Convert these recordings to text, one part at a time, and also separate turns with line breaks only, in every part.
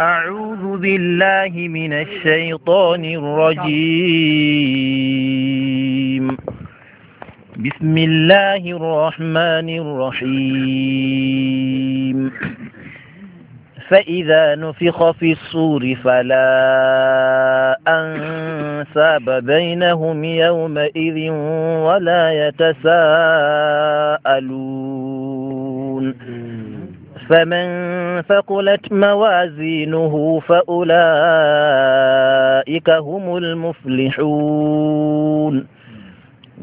أعوذ بالله من الشيطان الرجيم بسم الله الرحمن الرحيم فإذا نفخ في الصور فلا أنساب بينهم يومئذ ولا يتساءلون فمن ثقلت موازينه فأولئك هم المفلحون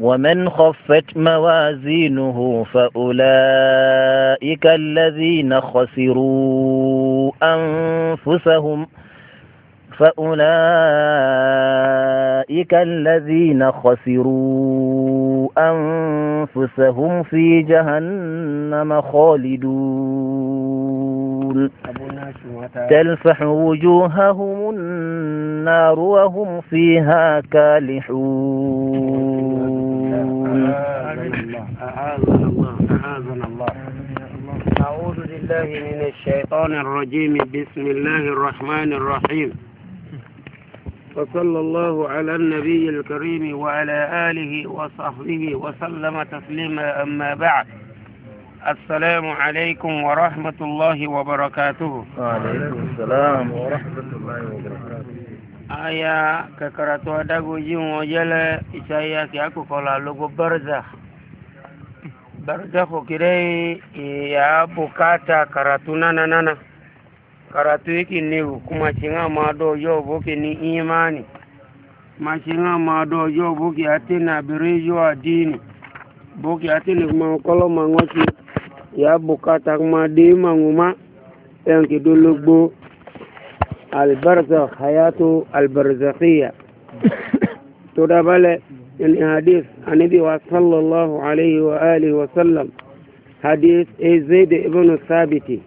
ومن خفت موازينه فأولئك الذين خسروا أنفسهم فأولئك الذين خسروا أنفسهم في جهنم خالدون تلفح وجوههم النار وهم فيها كالحون
أعاذنا الله الله أعوذ بالله من الشيطان الرجيم بسم الله الرحمن الرحيم وصلى الله على النبي الكريم وعلى آله وصحبه وسلم تسليما أما بعد السلام عليكم ورحمة الله وبركاته
وعليكم السلام ورحمة الله وبركاته
آية ككرت ودقو جيم وجل إشايا كيكو قولا لغو برزخ برزخ كري يا بكاتا كرتنا نانا karatu yake ne kuma shi nga ma do yo boke ni imani ma shi nga ma do yo boke atena birejo adini boke atene kuma kolo mangoki ya bukata kuma de manguma yanke dologbo albarzakh hayatu albarzakhiya to da bale in hadith anabi wa sallallahu alaihi wa alihi wa sallam hadith zaid ibn sabiti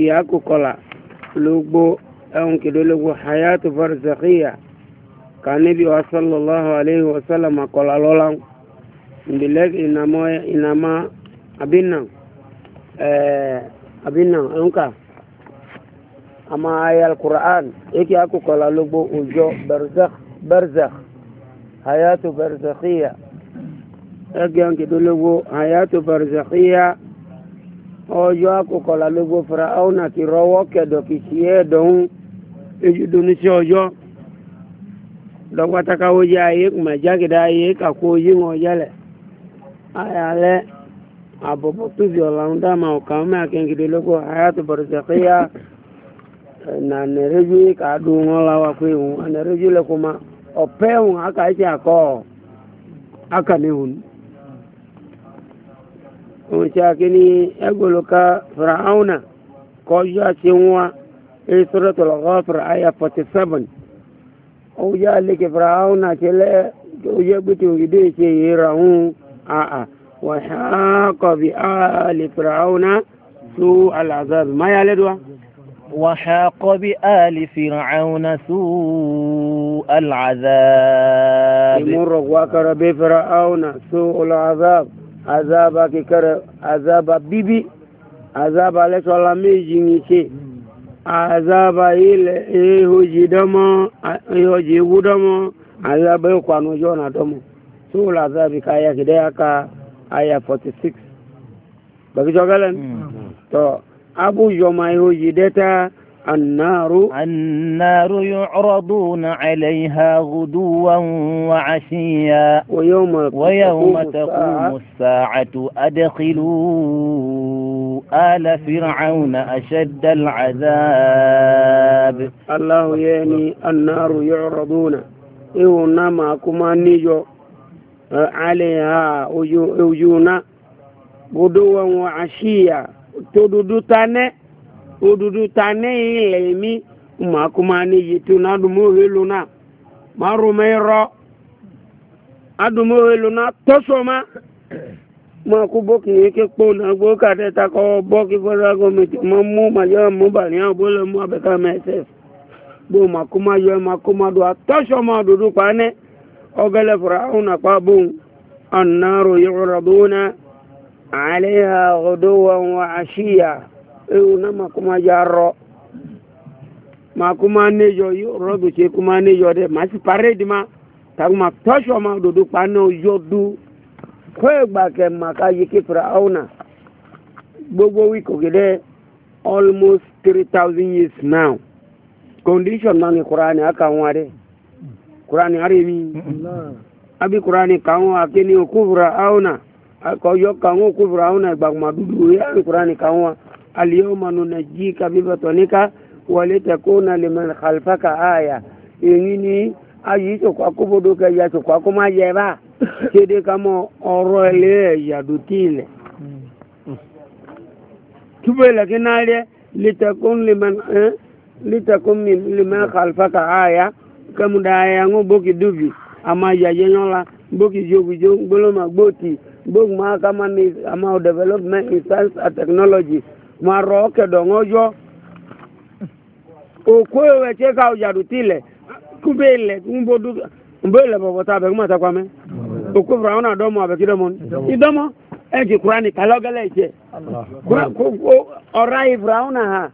kìyàkó kọlà lógbó ẹ̀hún kìdó lógbó hayatu farisakhiya kàníbi wa sallallahu alayhi wa sallam kọlà lọ́la ìbílẹ̀ ìnàmá abinna ẹ̀ẹ́ abinna ẹ̀hún kà àmà ayé alukur'an èkì àkókòlà lógbó òjò barzakh barzakh hayatu farisakhiya ẹ̀gẹ́ ẹ̀hún kìdó hayatu farisakhiya ọjọ́ akọkọ̀lá ló gbó fara áwọn àti rọwọ́ kẹ̀dọ̀ kì sí ẹ̀dọ̀hún ejúdóní sí ọjọ́ dọ́gbátákáwó yá ayé kùmà jágìdá ayé kàkó yí wọn yẹlẹ̀ ayálẹ́ àbọ̀bọ̀ tóbi ọ̀làwọn dáàmà ọ̀kà ọmọ akẹ́kẹ́kẹ́ lóko ayáàtò bọ̀rọ̀sẹ̀kẹ́yà nà nẹ̀rẹ́jú kàdùn wọn láwa pé òun nẹ̀rẹ́jú lẹ́kọ̀ọ́ ma ọ̀pẹ́ òun akáyé àkọ́ akànnìhùn. وشاكني أقول لك فرعون كوجا شنوا إيه سورة الغافر آية 47 وجا لك فرعون شلا وجا بتو يدي شيء يرعون آآ وحاق بآل فرعون سوء العذاب ما يلدوا
وحاق بآل فرعون سوء العذاب يمر
وكر بفرعون سوء العذاب azaba kikere azaba bibi azaba lechola meji ní azaba ilẹ̀ ehoji dọ́mọ́ ehoji ewu dọ́mọ́ azaba ìkwànú ọjọ́ ọ̀nà dọ́mọ́ tó azabi ka ká aya kìdẹ́ aka aya 46 gbẹ̀gíjọ́ gẹ́lẹ́ tọ́ abújọmọ ehoji deta النار النار
يعرضون عليها غدوا وعشيا ويوم, ويوم تقوم الساعة, الساعة أدخلوا
آل فرعون أشد العذاب الله يعني النار يعرضون إيونا معكما نيجو عليها وجونا غدوا وعشيا تدودو تاني odudu ta ne ilẹ̀ ma kuma ne yeto na adumo helu na ma roma irọ adumo helu na toso ma ma ko bọki eke kpo na ka tẹ ta ma mu ma yọ mu bali ya bo le mu abẹka mẹsẹ bo ma kuma ma kuma do ma odudu pa ne pa bo ewu na makuma ya rọ makuma neyo yo rọbi se kuma neyo dẹ masi parade ma takuma tọsọ ma dodo kpanu yọ du kóye gbàkẹ maka yi kefra ọwọna gbogbo wiko gẹdẹ almost three thousand years now condition na ni kurani aka wọn dẹ kurani ari mi abi kurani kan wọn akini okufra ọwọna akọyọ kan wọn okufra ọwọna gbàkuma dudu oye abi kurani kan wọn. اليوم ننجيك ببطنك ولتكون لمن خلفك آية إنني ayi tsoko akobodo ka ya tsoko akoma yɛ ba tsede kama ɔrɔ lɛ yadu ti lɛ tube lɛ kina lɛ litakun liman ɛn litakun liman kalifa ka aya kɛmu da boki dubi ama yayɛ boki jogijo gboloma gboti gbogbo kama ni ama development in science and technology maro kedo ngojo okwewe cheka ujadutile kubele kumbodu mbele bobota be kumata kwame okwe fraona domo abe kidomo idomo eji kurani kalogele ije orai fraona ha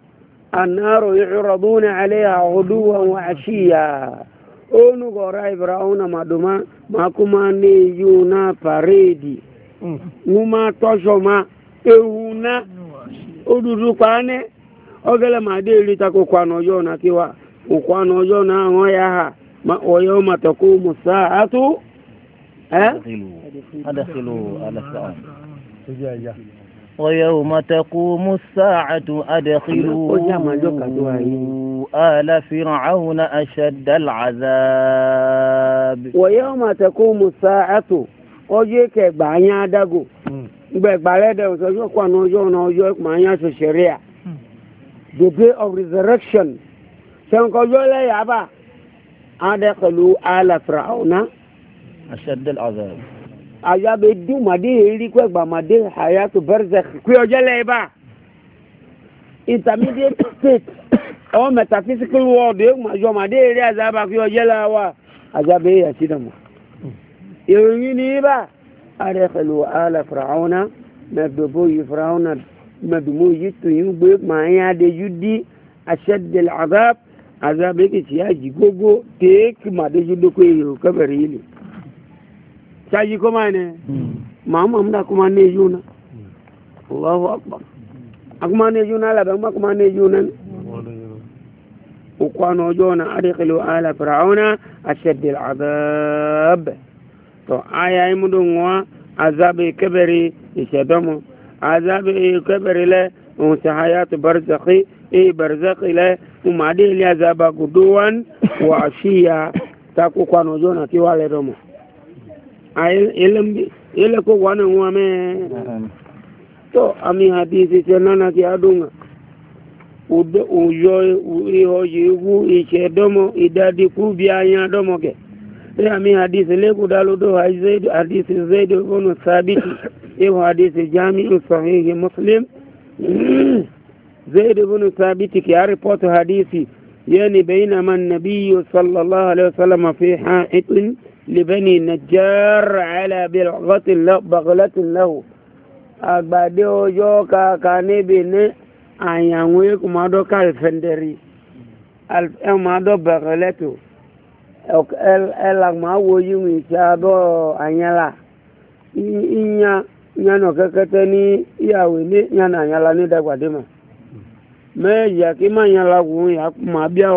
annaru yuraduna alaiha ghuduwan wa ashiya onu gorai fraona maduma makuma ne yuna paredi nguma toshoma ehuna odudu kwane ogele ma de lita ko kwano yo na kiwa ukwano yo na ngo ya ha ma oyo mataku musaatu eh
adkhilu ala sa'a
ويوم
تقوم الساعة أدخلوا آل فرعون أشد
العذاب ويوم تقوم الساعة أجيك بعنيا دقو gbẹ̀gbàlẹ̀ dẹ̀ ọ̀sọ́jọ́ kan ọjọ́ ọ̀nà ọjọ́ máa ń yàn ṣe ṣẹ̀ríà hmm. the day of resurrection ṣẹ̀ǹkọ́jọ́ lẹ́yà bá adẹ́kọ̀lù alàfra ọ̀nà. aṣẹ́dẹ́lẹ̀ ọ̀dọ̀. àyàbẹ̀ dùn màdé èrí kwẹ́gbà màdé àyàtò bẹ́rẹ̀sẹ̀ kú ọjọ́ lẹ́yà bá intermediate state or metaphysical world ọjọ́ màdé èrí àzàbà kú ọjọ́ lẹ́yà wá àjàbẹ̀ yẹ̀ sí dàmú. Hmm. ìròyìn ni bá adẹ́kẹ̀lú àlà fìràwọ́nà mẹ́gbẹ̀bọ́ yìí fìràwọ́nà mẹ́gbẹ̀mọ́ yìí tó yín gbé màá yín adéjú dí aṣẹ́dẹ̀lẹ̀ àzáb àzáb èkìtì àjì gógó téèkì màdéjú dókó èrò kẹfẹ̀rẹ̀ yìí lè. ṣáàjì kọ́ máa ní hmm. màá mọ̀ nígbà kó máa ní ejú náà lọ́wọ́ àpá akó máa ní ejú náà làbẹ́ mọ́ kó máa ní ejú náà ní. òkú àná ọjọ́ náà adẹ́kẹ̀lú àlà to aya imudu ngwa azabe keberi ishadomo azabe keberi le unsa hayatu barzakhi e barzakhi le umade ile azaba guduwan wa ashiya taku kwano jona kiwale domo ile ko wana ngwa me to ami hadithi chenana ki adunga ujo ihoji igu ishedomo idadi kubi anya domo ke sami hadisi leku daludo hadisi zaidu ibn sabiti ihu hadisi jami'u sahihi muslim zaidu ibn sabiti ki aripoti hadisi yani bainama annabiyyu sallallahu alaihi wasallam fi ha'itin libani najjar ala baglatin lahu agbade ojo kaka níbi ní àyàwó ekumadọ kalfẹndẹri ekumadọ baglatin ẹlà máa wo yíwìn ìṣe abọ́ àyànlá ìyá yànnà kẹ́kẹ́tẹ́ ní ìyàwó ni yànnà àyànlá ní dàgbàdé mà mẹ́ẹ̀yì àti má yànlá wò ó yà máa bí na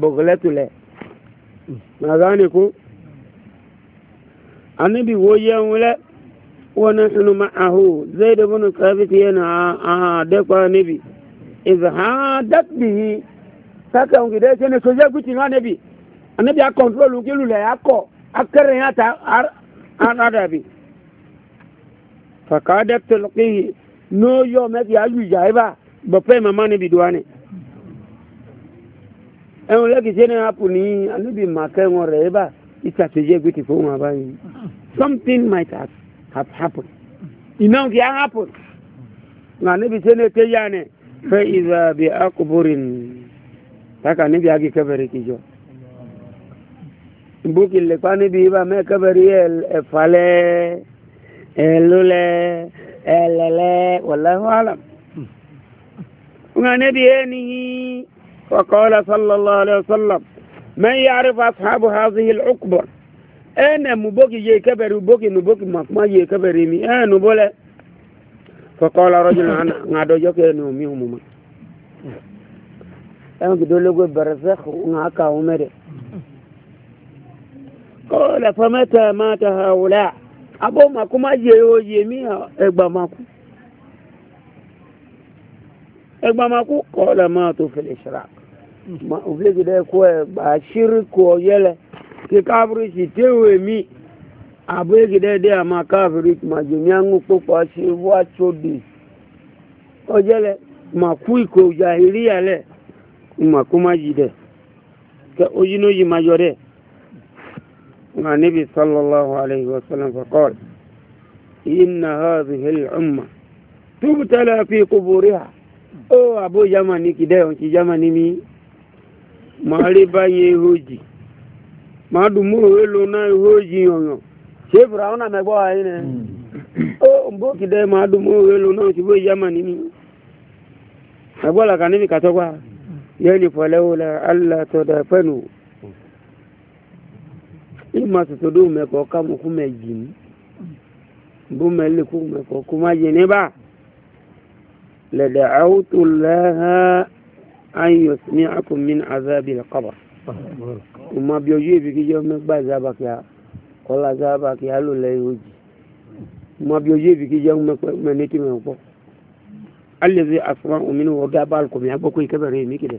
bọ̀gọ́lẹ́tulẹ̀ màgáni kú anibi wo yẹun lẹ wọn náà sunu ma ahu zayda bunu káfíńtì anabi a kɔntrolu la yakɔ akɛrɛ ya ta aradabi fakada tolkihi n'o yɔ mɛbi ayu jaiba bɔpɛ mama ni bi duwani ɛn lɛ kisɛ ne apu ni anabi ma kɛ ŋɔ rɛ eba isaseje gbete fo ŋa ba yi something might have, have happened inaw ti a happen nka ne bi se ne te yanɛ fɛ iza bi akuburin taka ne bi agi kɛfɛri ki jɔ bókì lẹ́pá níbi ibà mẹ́kẹ́bẹ̀rí ẹ̀fàlẹ́ ẹ̀lólẹ́ ẹ̀lẹ́lẹ́ wọ̀lẹ́hùn àlàm. wọn níbi ẹni yìí wàkọ́ọ́lá sọlọ́lá alẹ́ sọlọ́m mẹ́yìn àrífà sàbù hàzìhì lùkùbọ̀ ẹ̀ẹ́nà mú bókì yé kẹ́bẹ̀rí bókì nù bókì màkúmá yé kẹ́bẹ̀rí mi ẹ̀ẹ́nù bọ́lẹ̀ fọ́kọ́ọ́lá rọ́jùlọ àdọ́jọ́ kẹ́ẹ̀nù mi hùmùmá. ẹ̀wọ̀n kìdólógó bẹ̀rẹ̀ fẹ́ قال فمتى مات هؤلاء أبو ماكو ما جيو جميع إقبا ماكو إقبا ماكو قال ماتوا في الإشراق ما أفلق ده كوي باشرك ويلا كابر شتوي مي أبو يكده ده ما كافر ما جميع مكوكو شبوات شدي ويلا ما كويكو جاهلية له ما كو ما جيده كأجنو جمع جوره مع النبي صلى الله عليه وسلم فقال إن هذه الأمة تبتلى في قبورها أو أبو جماني كده أنت جماني مي ما لبا يهوجي ما دمو ولونا يهوجي يونيو ṣé fìràwọn náà mẹgbọ́ ayé nẹ ó bó kìdẹ́ máa dùn mọ́ òwe lò náà ṣubú ìyá mà nínú ẹgbọ́ làkà níbi ima sosodo mɛkɔ kamu kumɛ dzim bomɛli kumɛkɔ kuma dziniba le dacawtu laha an yusmicakum min azabi lqabr uma bioju ebigijɔ mɛgba zabakia kɔla zabakia alo lɛ yoji uma bioju ebigijɔ mɛ neti mɛ gbɔ alezi asuma ominu wɔda baal kɔmi agbɔ ko ikɛbɛrɛ yi mi kele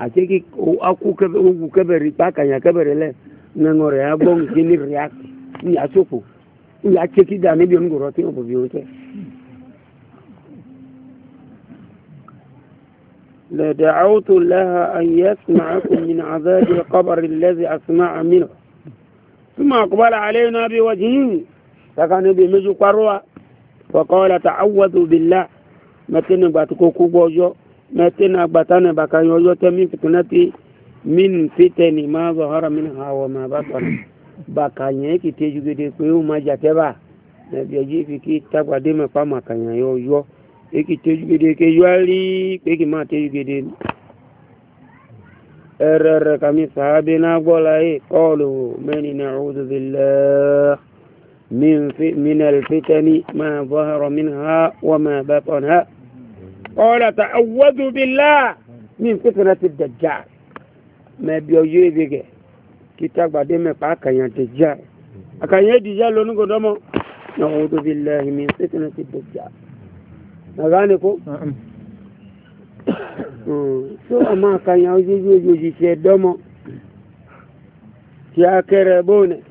ateki aku kɛbɛrɛ ogu kɛbɛrɛ kpa kanya kɛbɛrɛ lɛ nínú rẹ̀ agbóhùn gélé rẹ̀ ìyá sòfò ìyá tẹ́tí dà níbi onígbòrò tí wọ́n لدعوت لها أن يسمعكم من عذاب القبر الذي أسمع منه ثم أقبل علينا بوجهه فكان بمجو قروة وقال تعوذوا بالله متن باتكو كوبوجو متن باتان بكان تمين تمي فتنتي min fitani ma zahara min hawa ma batan ba kanye ki teju gede pe o ma jate ba na bi eji fi ki tagbade me pa ma kanye yo yo e ki teju gede ke yo ali pe ki ma teju gede erere kami sahabi na gbola e qalu mani na'udhu billah min fi min al fitani ma zahara minha wa ma batanha qala ta'awwadhu billah min fitnati ad-dajjal mɛbiɔ yoe bi kɛ kita gbade mɛ kpa akanya te dza akanya di dza lɔnu ko dɔmɔ nɔgɔdo bi lɛ himi sitana ti do dza nagani ko hmm. so ama akanya ojoji ojoji tiɛ dɔmɔ tia kɛrɛ bone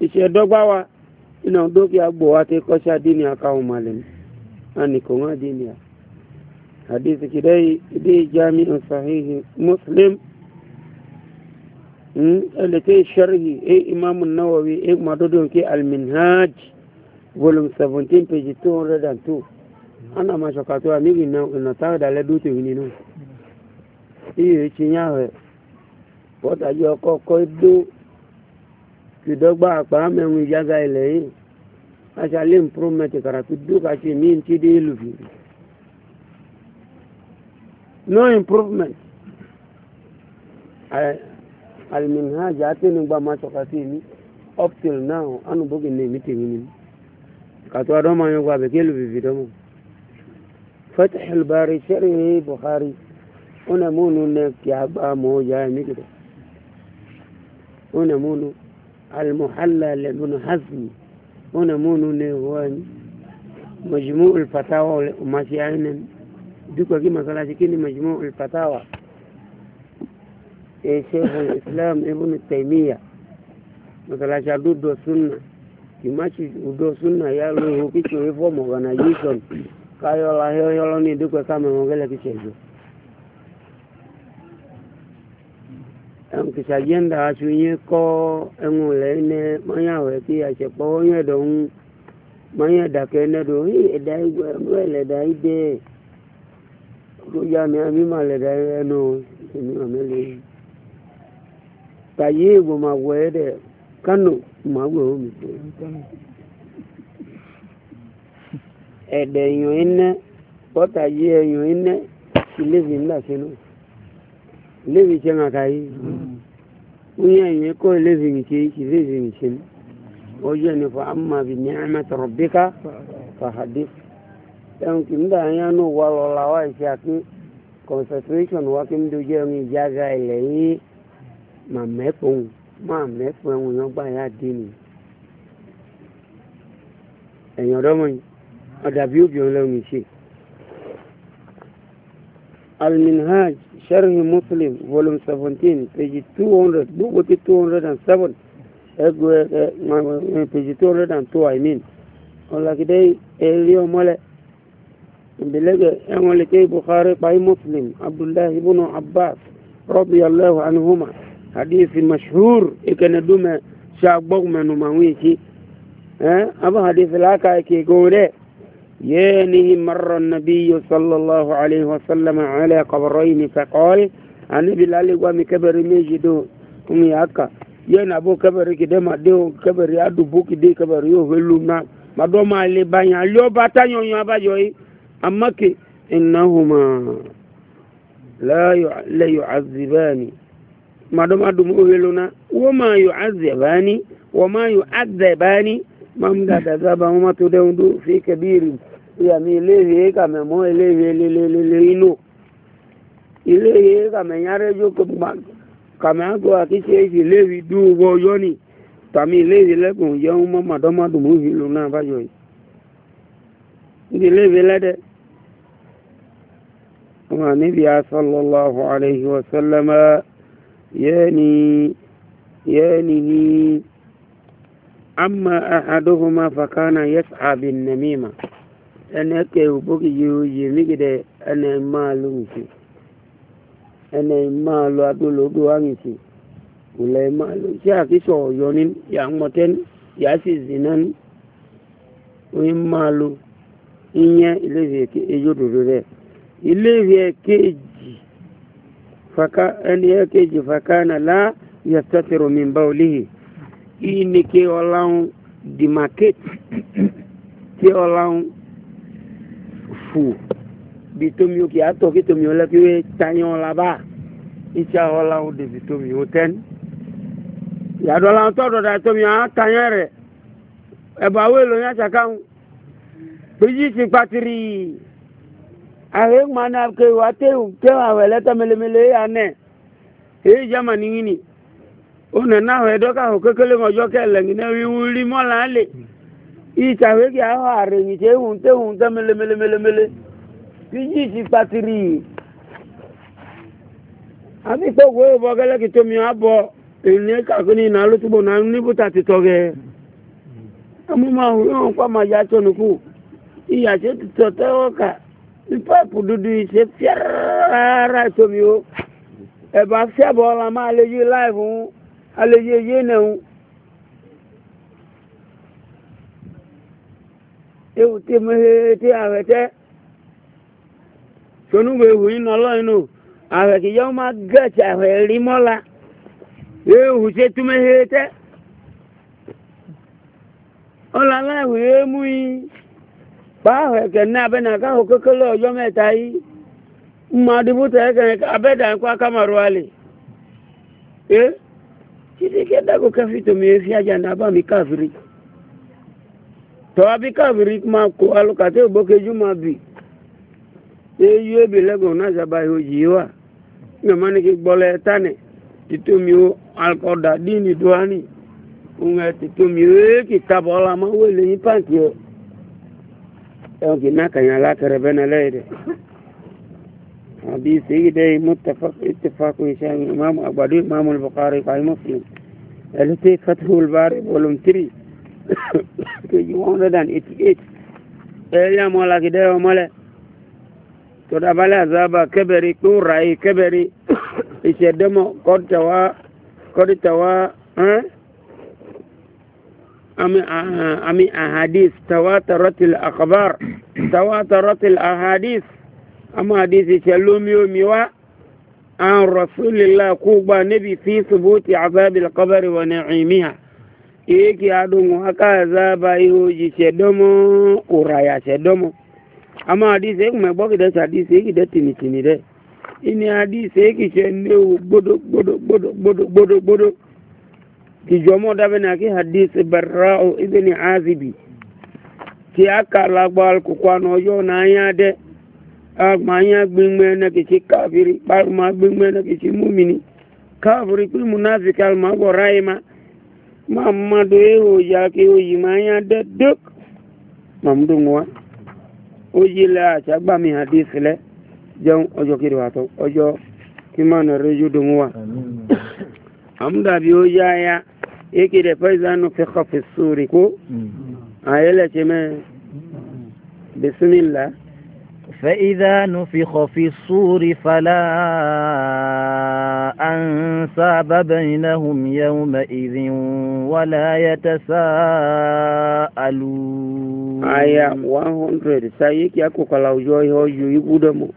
ìṣe dɔgba wa ina dókìá gbò wa ti kɔsi adini akawo ma lɛ ani ko ŋa adini a hadisi kidai bi jami sahihi muslim. اللي كي شرحي اي امام النووي اي ما دودون كي المنهاج volume 17 page 202 ana ma shokatu amigi na na ta da le dutu ni no iye ti nya re what are you kokko do ki dogba pa mewun jaga ile yi asale improvement karatu do ka ti mi ti de lu fi no improvement I, aliminhaja atenugba ma sɔkasi mi up till now anu bogi ne mi temi ni kato adɔ ma yɔgba bɛ kelu vivi dɔ ma fatih albari sharhi bukhari ona munu ne kiagba mo ya mi kida ona munu المحلى لابن حزم هنا مونو نيوان مجموع الفتاوى وماشي عينا دوكا كما قال مجموع الفتاوى sheikh islam ibn taymiya masalasi adudo sunna kimachi udo sunna ya luhu kicho reform organization kayo la hiyo yolo ni dukwe kama mongele kichezo kisajenda asunye ko engule ne mayawe ki ache po nye don maya dake ne do hi edai gwe le dai de ko ya mi ami ma le dai no mi amele kàyé ìwò máa wọ ẹ e dẹ kánò máa wọ ọ mi tó ẹdẹ èèyàn iná bọta yé èèyàn iná ìlébi ńlá sínú ìlébi tẹ ńlá kàyé wúnyẹ èèyàn kọ ìlébi nìkye ìlébi nìkye ní ọjọ ní fa ama bi ní ẹmẹtọ rọbíkà fàhàdé ẹn kì í dà yẹn nù wà lọ́la wà ìṣe àti concentration wà kí n dojú ẹni ìjága ilẹ̀ yìí mà mẹ́pọ̀ òun má mẹ́pọ̀ ẹ̀hún yẹn gbà yá dé nì ẹ̀yìn ọ̀dọ́mọ yìí ọ̀dàbí obìnrin lẹ́nu ìṣe. المنهاج شرح Muslim Volume Seventeen, page Two Two Hundred, 200 بوكو 207 page Two Hundred and Two. I mean ọ̀la kìdẹ́ ẹ̀rí ọmọlẹ̀ ìbílẹ̀gẹ̀ ẹ̀wọ̀n lè ké bukhari pàì muslim abdullahi ibùnú abbas rọ́bì allahu anhumah hadithi mashhur ikana dume shagbog menu mawiki eh aba hadithi laka yake gore يعني مر النبي صلى الله عليه وسلم على قبرين فقال أنا بلال وامي كبر ميجدو أمي أكا ين أبو كبر كده ما ديو كبر يادو بوك دي كبر يو هلونا ما دو ما لي بانيا ليو باتا يو يو أبا جوي أما كي إنهما لا يعذباني madom adum owelona woma yu azabani woma yu azabani mam dada zaba mama to de undu fi kabiri ya mi lewe ka me mo lewe le le le le ino ilewe ka me yare jo ko ma ka me ago akise ji lewe du go yoni tami lewe le kun yo mo madom adum owelona ba yo ndi lewe le de wa nabi sallallahu alaihi wasallam يعني يانه أما أحدهما فكان يسعى بالنميمة أنا كيوبك يوجي مجد أن يمالو لونسي أن يمالو لو أدلو دوانسي ولا يمالو لو شاكي سو يونين يا متن يا سيزنان وين ما لو إنيا إليه كي يجدو ده إليه كي faka ẹni ẹkẹjì fakana la yastatiru min bawlihi ini ke ọlọ́run demarcate ke ọlọ́run fù bí tómi òkè àtọ̀ kí tómi ọlọ́ kí wé tayán ọlábà iṣẹ́ ọlọ́run dèbí tomi ó tẹ́ni yàtọ̀ ọlọ́run tọ́dọ̀ dà tómi àwọn tayán rẹ̀ ẹ̀bà wẹ́lò yẹn ṣàkáhùn péjì ti pàtìrì ààrẹ kuma náà ké wa téwù téwù àwẹ̀ lẹ́tọ̀ mẹlẹmẹlẹ yà nẹ̀ èyí germany yìí ni ó nà náà àwẹ̀ dọ́kà hó na mọ̀jọ́ kẹ́ lẹ́yìn náà wíwú rí mọ́lá lè ìtàwé kì á hó ààrẹ yìí téwù téwù tẹ́ mẹlẹmẹlẹmẹlẹ fíjì ti patiri àti tó gbé bọ́ gẹ́lẹ́ kì tó mi á abụọ èyí kàkó ní ìnáwó tó bọ̀ náà níbùtà ti tọ̀ ma hùwé wọn kọ́ ma yá tó pípọ́ọ̀pù dúdú yìí ṣe fíárá tómi o ẹ̀bà fíàbọ̀ ọ̀la máa lè yí láìfù ń alẹ́ yí eyé náà ń. ewu tí mo ṣe tí àwẹ̀ tẹ́ sonúgbò ewu yìí nà ọlọ́run nù àwẹ̀ kì yẹ́ wọ́n máa gẹ̀ẹ́sì àwẹ̀ rí mọ́la ewu ṣe tí mo ṣe tẹ́ ọ̀la láìfù yẹ́ kpaahụ ekene abena ka ahụ kekele ọjọ mẹta yìí mmadụ bụta ekene abeda nkwa kamarụali e chidike dago kafito mi efi aja na aba mi kafiri tọwa bi kafiri ma ko alụkata ogbokeju ma bi eyi ebi lego na zaba oji wa nyamani e ki gbọlọ ẹtanẹ titomi o alkọda dini duani ohun ẹ titomi o eki tabọ ọla ma wele n'i panti o. ẹ̀wọ̀n kì í ná kàyàn alákẹ̀rẹ̀ bẹ́ẹ̀ náà lẹ́yìn dẹ̀. حديث سيدي متفق اتفاق هشام امام ابو امام البخاري قال مسلم التي فتح الباري فولوم 3 188 يا مولا كده يا مولا تدا بلا زابا كبري كوراي كبري يشدمو قد توا قد توا ها أم أحاديث تواترت الأخبار تواترت الأحاديث أما حديث شلوم يوميوا عن رسول الله كوبا نبي في ثبوت عذاب القبر ونعيمها إيكي أدوم هكا عذاب يوجي شدومو ورايا شدومو أما حديث إيكي مبوكي دس حديث إيكي دتني تني ده إني حديث إيكي شنو بدو بدو بدو بدو بدو بدو kijomo dabena ki hadith barra'u ibn azibi ki aka lagbal ku kwano yo na ya de agma ya gbinme na ki ki kafiri palma gbinme na ki mumini kafiri ku munafikal ma go raima mamma do e o ya ki o yi ma ya de duk mamdu ngwa o yi la cha gba mi hadith le jẹun ọjọ́ kiri wa tó ọjọ́ kí máa nà hamda bi o ya ya yake da faiza nu fi khafi suri ko a yala ce mai bismillah
فإذا نفخ في الصور فلا أنساب بينهم يومئذ ولا
يتساءلون آية 100 سايك يكو كلاو جوي هو يبودمو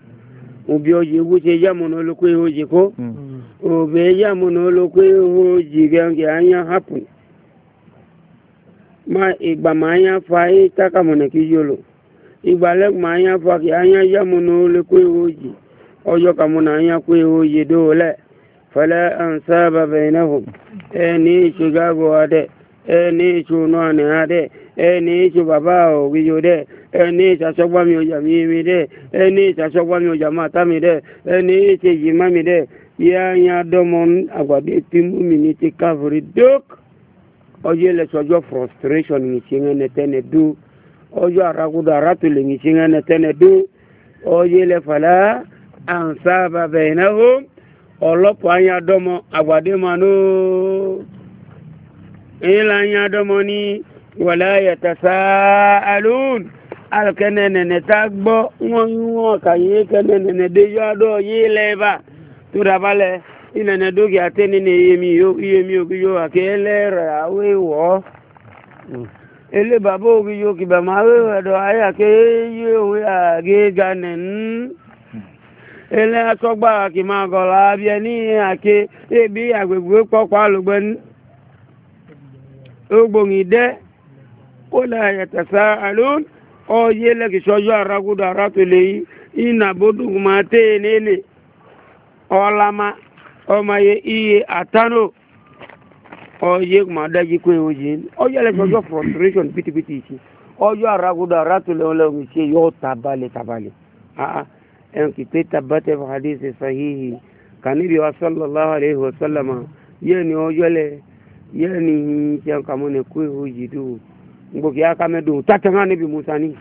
وبيوجي يبوتي جامون ولكو يوجي كو mm. obe ya mụ na oloko ewu jiri anya hapụ ma igba ma anya fa ịtaka mụ na kijolo igba lek ma anya fa ka anya ya mụ na oloko ewu ji ọjọ ka mụ na anya kwa ewu ji dole fala an saba e ni ichu gago ade e ni ichu nuane ade e ni ichu baba ogijo de e ni ichu asọgba mi oja mi mi de e ni ichu asọgba mi oja mata mi de e ni ichu jima mi de ya nya domon agwade timu mini ti kavri dok oje le sojo frustration ni chinga ne tene du ojo araguda ratu le ni chinga ne tene du oje le fala ansaba bainahum olopo anya domo agwade manu ila anya domo ni wala yatasaalun alkenene ne tagbo won won kaye kenene de yo do yile ba tóra balẹ̀ ìnana dókè àtẹ nínú iyemi iyemi òkìyó àti ẹlẹ́rẹ̀ àwọn ìwọ́ ele bàbá òkìyó kìbà máa wéwẹ̀ dọ̀ ayé àti eyé òwe àgéga nẹ̀ẹ́n ele ní àti ebi àgbègbè pọ̀pọ̀ ní ogbòǹgì dẹ́ kó Ina ma ọlama ọmọye iye atano ọyẹ kuma dájú pé o yé ọjọ ẹlẹsìn ọjọ frustration pitipiti ìṣe ọjọ aragudo aratulẹ ọlọrun ìṣe yóò tabalẹ tabalẹ aa ẹn kì í pé tabatẹ fàdíṣe sahihi kàníbi wa sallallahu alayhi wa sallam yẹni ọjọ lẹ yẹni ṣe kàmú ni kó o yé dùn gbòkè akamẹdùn tàtàn bi musa ni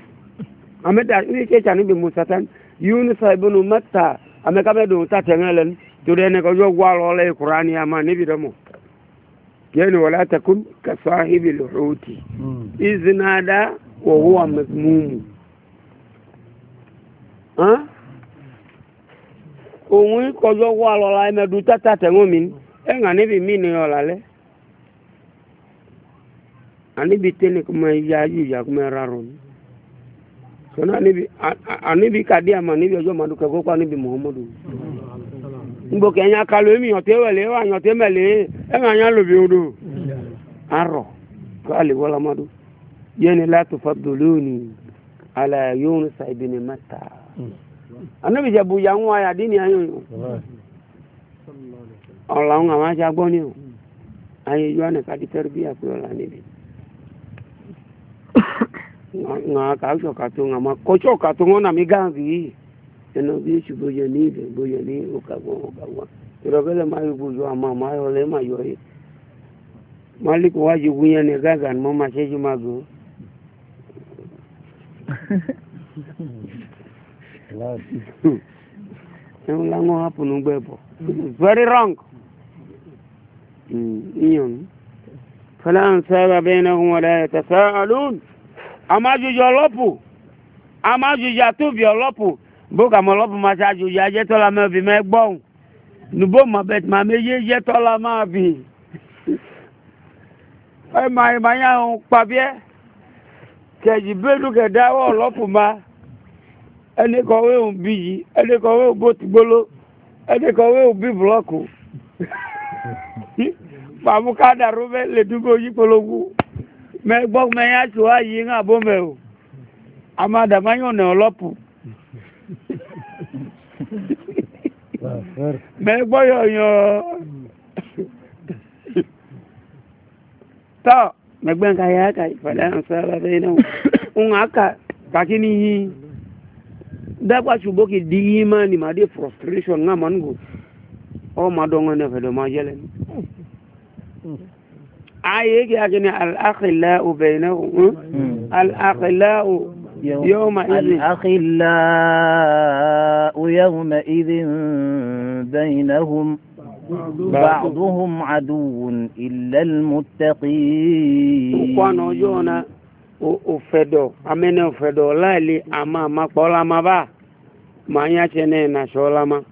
amẹta ní ṣe ṣàníbi musa tán yunus ibùnú mẹta. amekabe do ta tengelen to de ne ko jo gwalo le qur'ani ama ni bi domo yani wala takun ka sahibi luhuti hmm. iznada wa huwa mazmum ha ohun ko jo gwalo la me du ta ta tengo min e nga bi mi ni ola le ani bi tele ko ma ya yu ya ko ma rarun sọ́nà anibi kàdí àmà níbi ọjọ́ màdùkẹ́ kó pa níbi muhammadu gbogbo ẹ̀yà kalu èmi yọ̀tẹ́ wẹ̀lẹ́ wà yọ̀tẹ́ mẹ̀lẹ́ ẹ̀mà e yà lòbí odò arọ̀ kọ́ àlèwọ́ lamadu yẹni látò fàdúlóòní alayóhun sàìbìnì mẹ́ta anábì jẹ̀bù yà ń wá yàdí ni ayọ̀ yìí ọ̀làwọn àwọn aṣáájú gbọ́ ni o ayé yọ ànàkàdì tẹ́rù bí àpò ọ̀là níbi nga ka cho ka to nga ma ko cho ka to ngona mi gangi eno bi chu bo ye ni de bo ye ni o ka go o ka wa ro ga le ma yu bu zo ma ma yo le ma yo yi malik wa ji bu ye ne ga gan mo ma che ji ma go en la ngo hapu nu gbe bo very wrong mm فلا أنساب بينهم ولا يتساءلون amajuja ọlọ́pù amajuja tóbi ọlọ́pù bókà mọ ọlọ́pù máa ṣe ajuja jẹ́tọ́lá máa fi mẹ́ gbọ́hùn nùbó mọ̀ bẹ́ẹ̀ máa méjì jẹ́tọ́lá máa fi ẹ máa ẹ máa yàn án pàbíẹ́ kẹ̀jì bẹ́ẹ̀dù kẹ̀dáwọ́ ọlọ́pù máa ẹni kọ̀wé òun bí yìí ẹni kọ̀wé òun bó ti gbóló ẹni kọ̀wé òun bí búlọ́ọ̀kù pàmùkádà rúbẹ́ lè dúgbò yí polówó mẹgbọ́ mẹyà tó wá yí ń àbó mẹ o amadamanyọ̀nà ọlọ́pù mẹgbọ́ yọ̀yọ̀ tọ́ mẹgbẹ́n ka yà ká ìfàdà hàn sára bẹ́ẹ̀ náà ń aka kàkí ni yí dágbà ṣùgbọ́n kì í di yí máa ni màá di frustration ń hàn mọ́ nígò ọ́ máa dọ́ngọ́ náà fẹ́ dọ́ máa yẹlẹ́ ni aye yake ake ne al'akhila'u bainahu hmm? hmm. al'akhila'u yawma idin
al'akhila'u yawma idin bainahum بعضهم
عدو إلا المتقين وقوانا جونا أفدو أمين أفدو لالي أما مقبولا ما با ما يأتيني نشولا ما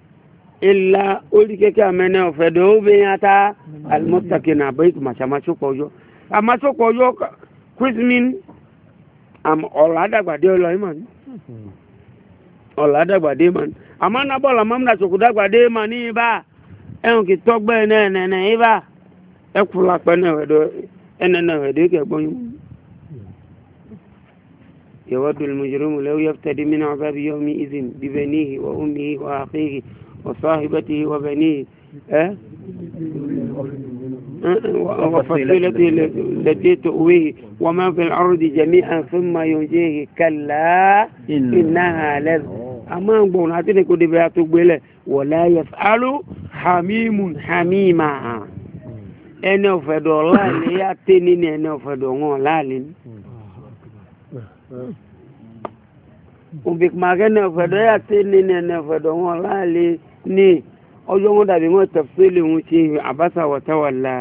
illa oli keke amene ofe do be ata mm. al mustaqina bait ma chama choko yo ama choko yo quizmin am olada gbade olo iman
mm-hmm.
olada gbade man ama na bola mam na choko da gbade man iba ehun ki togbe na na na iba ekula pe na wedo enena wedo ke gbon يود المجرم لو يفتدي من عذاب يومئذ ببنيه وأمه وأخيه وصاحبته وبنيه أه؟ وفصيلته التي تؤويه وما في الأرض جميعا ثم ينجيه كلا إنها لذ أما نقول هاتين كودي بياتو بيلا ولا يفعل حميم حميما أنا فدو الله ليا تنين أنا فدو الله لين وبك ما كان فدو يا أنا فدو الله لين ní ọjọ́ wọn dàbí wọn tẹ̀sílì wọn ṣe àbáṣà wàtàwàlà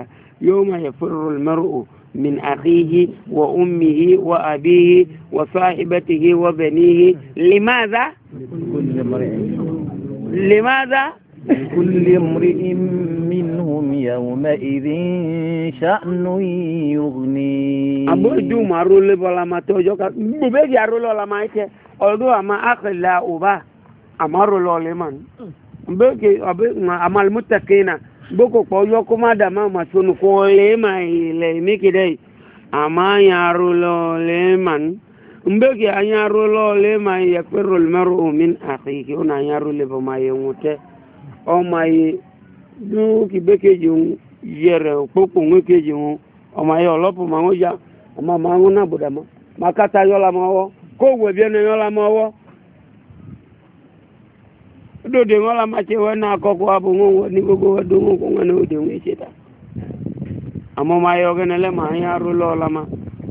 yóò máa yẹ fúrúrú mẹ́rù من أخيه وأمه وأبيه وصاحبته وبنيه لماذا؟ لماذا؟ لكل امرئ منهم يومئذ شأن يغني أبوجو مارول بلا ما توجوك مبيجي أرول ولا ما يتي أولو أما أخلا أبا أما رول ولمن mbeke amal mutakina boko kwa yo kuma da ma masunu ko ile miki ama yaro lo le mbeke anyaro lo le ma yakfiru al mar'u min una yaro le ma yengute o ma yi du ki yere popo ngeke jun o ma yo lopo ma ngoja o ma makata yola mawo ko we yola mawo do de ngola ma che wana ko kwa bu ngu ni bu go du ngu ngu no du ngi che e ta amo ma yo gene le ma ya ru lo la ma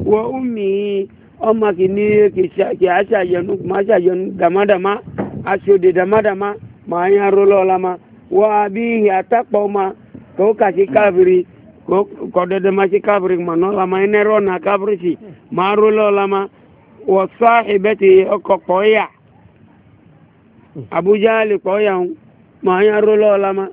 wo umi o ma ki ni ye ki cha ki a cha ye nu ma cha ye nu da ma da ma a che de da ma da ma ma ya ru lo la ma wa bi ya ta po ma ko ka ki ka bri ko ko de de ma ki ka bri ma no la ma e ne ro na ka bri ci ma ru lo la ma wa sahibati o ko ko ya abuja alikpọ ya ŋu ma anya rolo ọla ma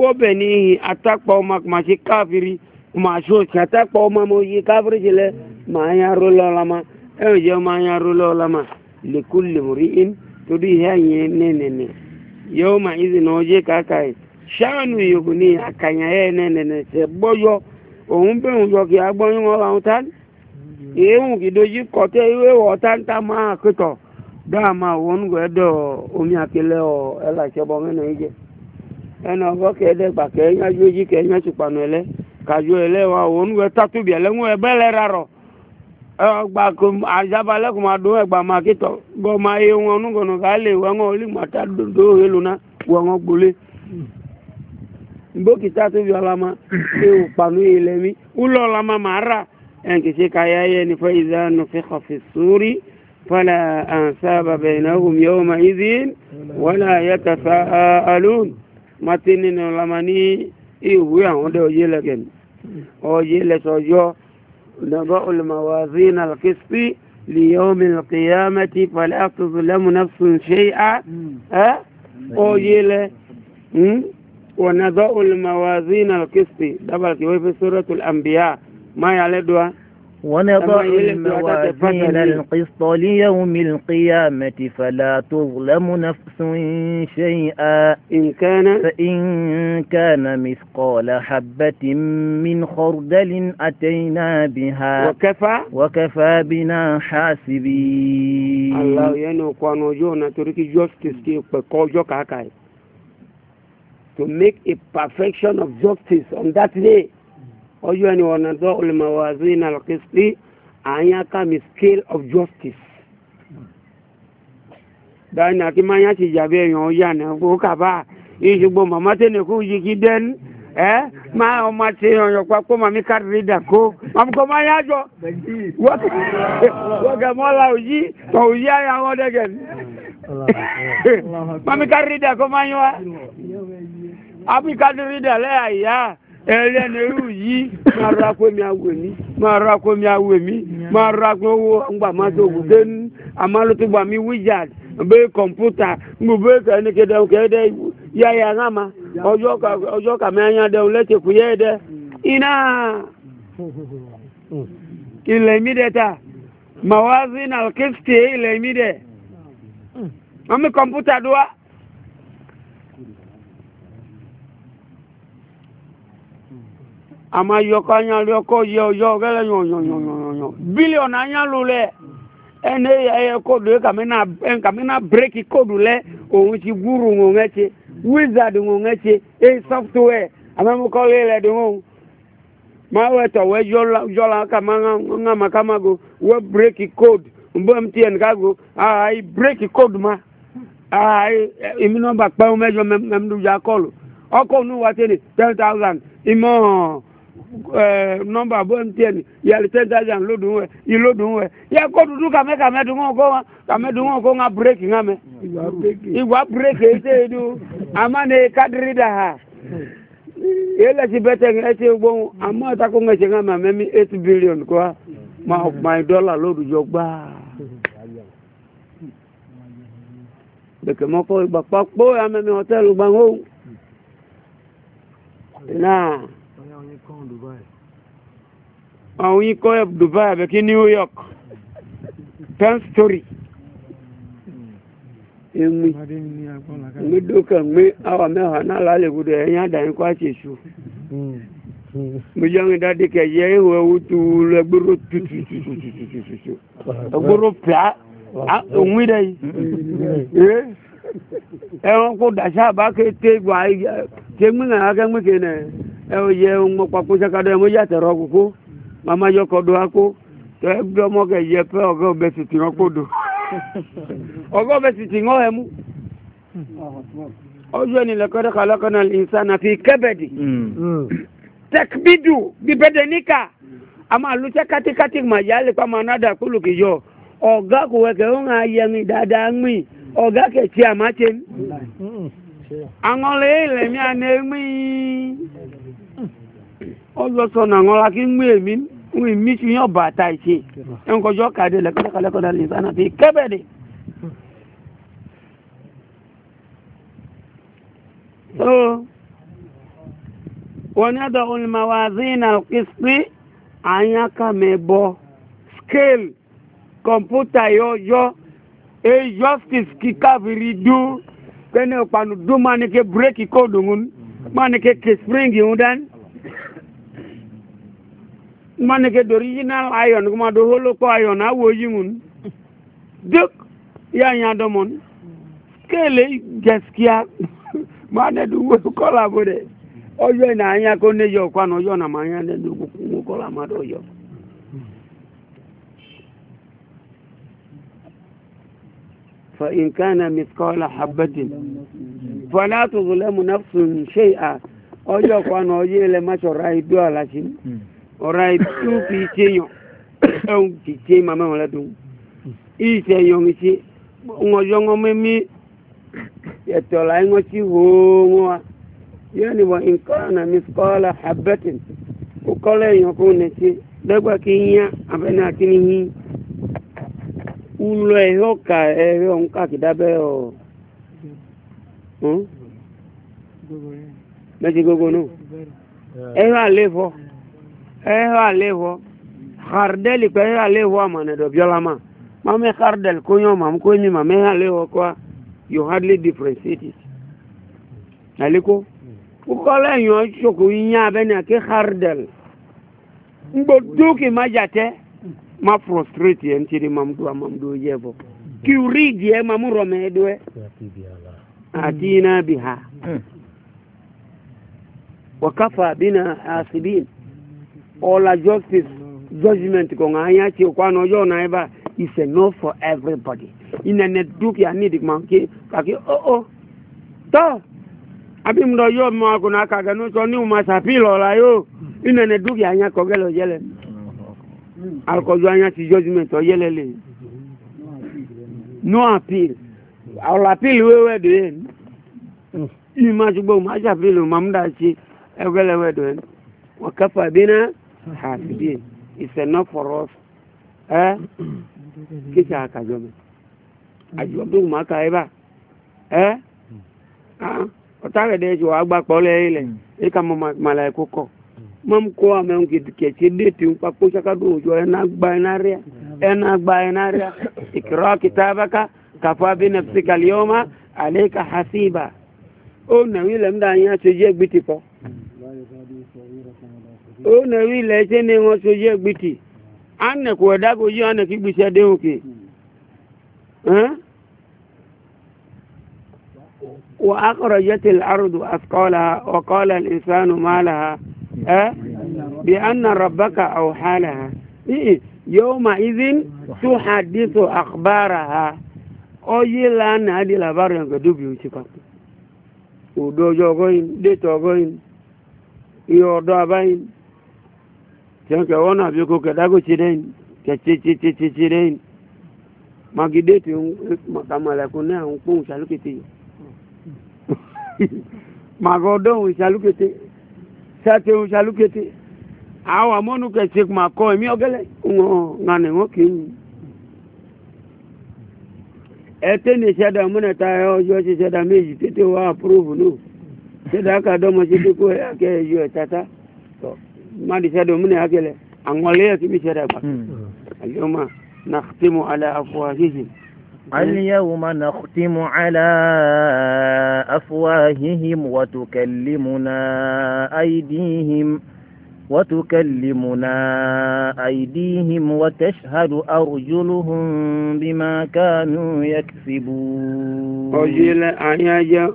wọbẹ n'ihi atakpọ ma kumasi kafiri ma osi atakpọ ma ma oyi kafiri si ma anya rolo ọla e ma ẹyọ jẹ ma anya rolo ọla ma leku lemuri in ihe anyi nenene yẹwò ma izi na ọjẹ kaka yi sáànù yòókù ni akanya ya nenene sẹ gbọyọ òun bẹ òun yọ kí agbọnyin wọn wà wọn tán èéhùn kìdojú kọtẹ ìwé wọ tán tá dama won go omi akele o ela se bo mena ije ena go ke de pa ke nya joji ke nya chu panu ele ka wa won go tatu bi ele nwe bele raro e, gba ko ajaba le ko ma do e gba ma kito go ma ye won go no ka le won o do do elu na won o gbole tatu bi alama e o panu ile mi ulo lama mara en ke se ka ya ye ni فلا أنساب بينهم يومئذ ولا يتساءلون متنين لمني إيوه عنده جيلكن أو جيل سوجو نضع الموازين القسط ليوم القيامة فلا تظلم نفس شيئا أه؟ أو جيل ونضع الموازين القسط دبل كيف في سورة الأنبياء ما يعلدها
ونضع الموازين القسط ليوم القيامة فلا تظلم نفس شيئا إن كان فإن كان مثقال حبة من خردل أتينا بها
وكفى وكفى بنا
حاسبين الله
ينو كونو جونا تركي جوستيس كي كوجو كاكاي to make a perfection of justice on that day ọjọ́ ni wọ̀nà tó olùmọ̀wàzín alkisli àyàká mi scale of justice dáìní àti máa yá ti jàbí èèyàn ọjà náà kó kàbá ìṣùgbọ́n màmá tẹ́lẹ̀ kó yí kí dẹ́n ẹ́ máa ọmọ ti ọ̀yàn pa kó màmí káàdì rídà kó màmí kó máa yájọ wọ́kẹ̀ mọ́lá òyí tọ̀ òyí àyà wọn dẹ́gẹ̀ màmí káàdì rídà kó máa yọ wa àmì káàdì rídà lẹ́yà ìyá ẹ̀rẹ́ nírú yìí máa ra kó mi àwẹ̀ mi máa ra kó mi àwẹ̀ mi máa ra kó owó ńgbà máa tó ògùn dénú àmàlótógbà mi wizard bẹ́ẹ̀ kọ̀mpútà gbogbo ẹ̀ka ẹni kẹdẹ̀hún kẹ́ẹ́dẹ́ yáyà náà ma ọjọ́ kàmí ayándẹ̀hún lẹ́tẹ̀kù yẹ́ẹ̀dẹ́ iná ilẹ̀ mi dẹ̀ ta màwá sí nàlkìsì ilẹ̀ mi dẹ̀ wọ́n mi kọ̀mpútà dùn ama yọkọ anyalụ ọkọ yẹ ọyọ bilion anyalụ lẹ ẹnẹ ẹyẹ kóòdù ẹkàmínà ẹkàmínà bírèkì kóòdù lẹ òun ti gúrù òun ẹtì wizard òun ẹtì e sọftwẹ amẹmukọ lẹlẹ dùn ó máa wẹ go wẹ bírèkì kóòdù mtn ayi bírèkì kóòdù ma ayi èmi nọmba pẹ́wọ́n mẹjọ mẹmdùjá kọlù ọkọ̀ ònú wa tẹ́lẹ̀ ten nọmba bọ́ ní tiẹ̀ ni yàrá ten thousand ló dùn wẹ̀ yìí ló dùn wẹ̀ yà kó dúdú kàmẹ́ kàmẹ́ dùn wọn kó wọn kàmẹ́ dùn wọn kó wọn bírèkì ńà mẹ́ ìwà bírèkì ẹsẹ̀ yìí dùn àmà ni kádìrì dà ha yẹlẹ ti bẹ́tẹ̀ ẹsẹ̀ gbọ́n àmà takò ń ẹsẹ̀ ńà mẹ́ mi eight billion kọ́ my dollar ló dùn jọ gbáà. bẹ̀kẹ̀ mọ́kọ́ ìgbà pápó àmẹ́mi hòtẹ́ẹ̀lì gbàngó náà àwọn yìí kọ́ dubai àbẹ̀kí new york pen story emi mi dókè mi awa mẹ́wàá náà lálẹ́ gbọdọ̀ ẹ̀yìn àdáyé kó àti èso mo jẹ́ àwọn ìdádé kẹ̀yẹ́ ìwọ̀ ẹ̀wù tó wúlò ẹgbẹ́rún tututututututu ẹgbẹ́rún pẹ́à òun dẹ̀ yìí ẹ̀wọ̀n kó dàṣà bá ké tégbà tégbìnà akẹ́gbẹ́kẹ́ náà ẹ̀yẹ ọmọ pàkó sakadọ́ ẹ̀mọ́ yàtẹ̀ rọ kókó màmá yọkọ̀ do akó tẹ́ ẹgbẹ́ ọmọ kẹ yẹ pẹ́ ọgọ́ ọbẹ̀ sì tì wọ́n do ọgọ́ ọbẹ̀ sì tì wọ́n ẹ̀ mú. ọjọ́ ni lẹ́kọ́dọ́ kàlọ́kọ́ náà ìsànà fi kẹ́bẹ̀dì tẹ́kbídù bíbẹ́dẹ̀ níkà àmọ́ àlùsẹ́ kátíkátí màjálè pàmò anádà kúlùkìjọ́ ọ̀gá kò wẹ̀kẹ́ ó ń ayẹmi dáadáa ń mì ọ̀gá kẹ̀ tí a máa ṣe ń aŋɔlɛ ele mi anɛ ŋmii ɔzɔsɔ naŋɔla ki ŋmi emi ŋmi mi si yɔ ba ta itse ɛnkɔjɔ ka de lɛ kɔlɛ kɔlɛ lɛ sanna fi kɛbɛ de so wɔn yadɔ olùmọ̀wázínà kìsì anyakamɛbɔ scale kɔmputa yɔjɔ e justice kikaviri duu. kene kpanu du mani ke breki kodu ngun mani ke ke spring ngun dan mani ke original iron kuma do holo ko iron awo yi ngun duk ya nya do mon kele gaskiya mane du wo kola bode ojo na anya ko ne yo kwanu yo na manya ne du ko kola ma do yo فإن كان مثقال حبة فلا تظلم نفس شيئا ọjọ́ kwanu ọjọ́ ilẹ̀ mọ́ṣọ́ ọ̀rá ibú aláṣí ọ̀rá ibú fi ṣe yàn ẹ̀hùn ti ṣe màmá wọn lẹ́dùn ìṣe yàn ṣe ọjọ́ wọn mímí ẹ̀tọ́ láì wọn sí wòó wa yẹn ni wọn nǹkan náà ní sọ́ọ́lá habẹ́tìn ó kọ́lẹ̀ yàn kó nẹ̀ ṣe lẹ́gbàá kí n yá abẹ́ni àti níyìn ulo ẹ̀yọ́ ka ẹ̀yọ́ ń kàkìdábẹ́ ọ̀ mẹ́tí gbogbo náà ẹ̀yọ́ àléfọ́ ẹ̀yọ́ àléfọ́ xardẹ́lì pé ẹ̀yọ́ àléfọ́ àmànẹ̀dọ̀ bíọ́lá mà má mi xardẹ́l kó yàn màmú kó mi mà mẹ́yọ́ àléfọ́ kọ́ you hardly differentiate it àlékó kókọ́lẹ́yìn ọ̀ṣọ́kù yín yá abẹ́ni àti xardẹ́l ń gbọ́ dúkìá má jà tẹ́. ma frustrate yɛ ntiri mamdu a mamdu yɛ bɔ kiuri diɛ atina biha wakafa bina asibin ola justice judgment kɔ nka an y'a ci o na ye is enough for everybody inɛnɛ duki ani digima ke kake o o tɔ abi mu dɔ yɔ mu a n'o la yo inɛnɛ duki anya kɔkɛ lɔ alukɔjɔ anya ti judgement ɔyɛlɛ le no appeal ɔlɔ appeal wɛwɛ do yɛ ni ma ti gbɔ ma ti appeal o mamu da ti ɛgbɛlɛ wɛ do yɛ wakafa bina hasidin it's enough for us ɛ kisa akadzɔ mɛ adzɔ do ma ka yɛ ba ɛ ɔta yɛ dɛ tsi wɔ agba kpɔ lɛ yɛ lɛ eka mɔ malayi ko kɔ mam ko amen ki ke ci deti un pakko saka do jo ena gba ena re mm.
ena gba
ena re ikra kitabaka kafa bi nafsika al yawma alayka hasiba o na wi lem da yan se je gbiti ko o na wi le se ne won se je gbiti an ne ko da go ji an ne ki gbi se وقال الإنسان ما أه؟ بأن ربك أوحى لها إيه؟ يومئذ تحدث أخبارها أجل أن هذه الأخبار ينقدوب يوشكا ودوجو غوين ديتو غوين يوردو باين تنك وانا بيكو كداغو تشيرين كتشيرين magideti tamalakune nkun salukete magodon salukete sate ohun ṣalúkété àwọn àmọ́nukẹ̀ ṣe máa kọ́ ẹ̀mí ọ̀gẹ́lẹ̀ ńlànà wọn kì í ẹtẹ́ ní ṣẹ́dá múnẹ̀ta ọjọ́ ṣe ṣẹ́dá méjì tètè wá àpúròvù náà ṣẹ́dá kàdọ́mọ ṣe dé kó ẹ̀kẹ́ ẹ̀yọ ẹ̀tata tọ́ má di ṣẹ́dá múnẹ̀ akẹlẹ̀ àwọn ọlẹ́yẹ̀ tí mi ṣẹ́dá gbà àjọ máa nàkítẹ́mù alẹ́ àfọwà ṣíṣe.
اليوم نختم على أفواههم وتكلمنا أيديهم وتكلمنا أيديهم وتشهد
أرجلهم بما كانوا يكسبون رجل أياجا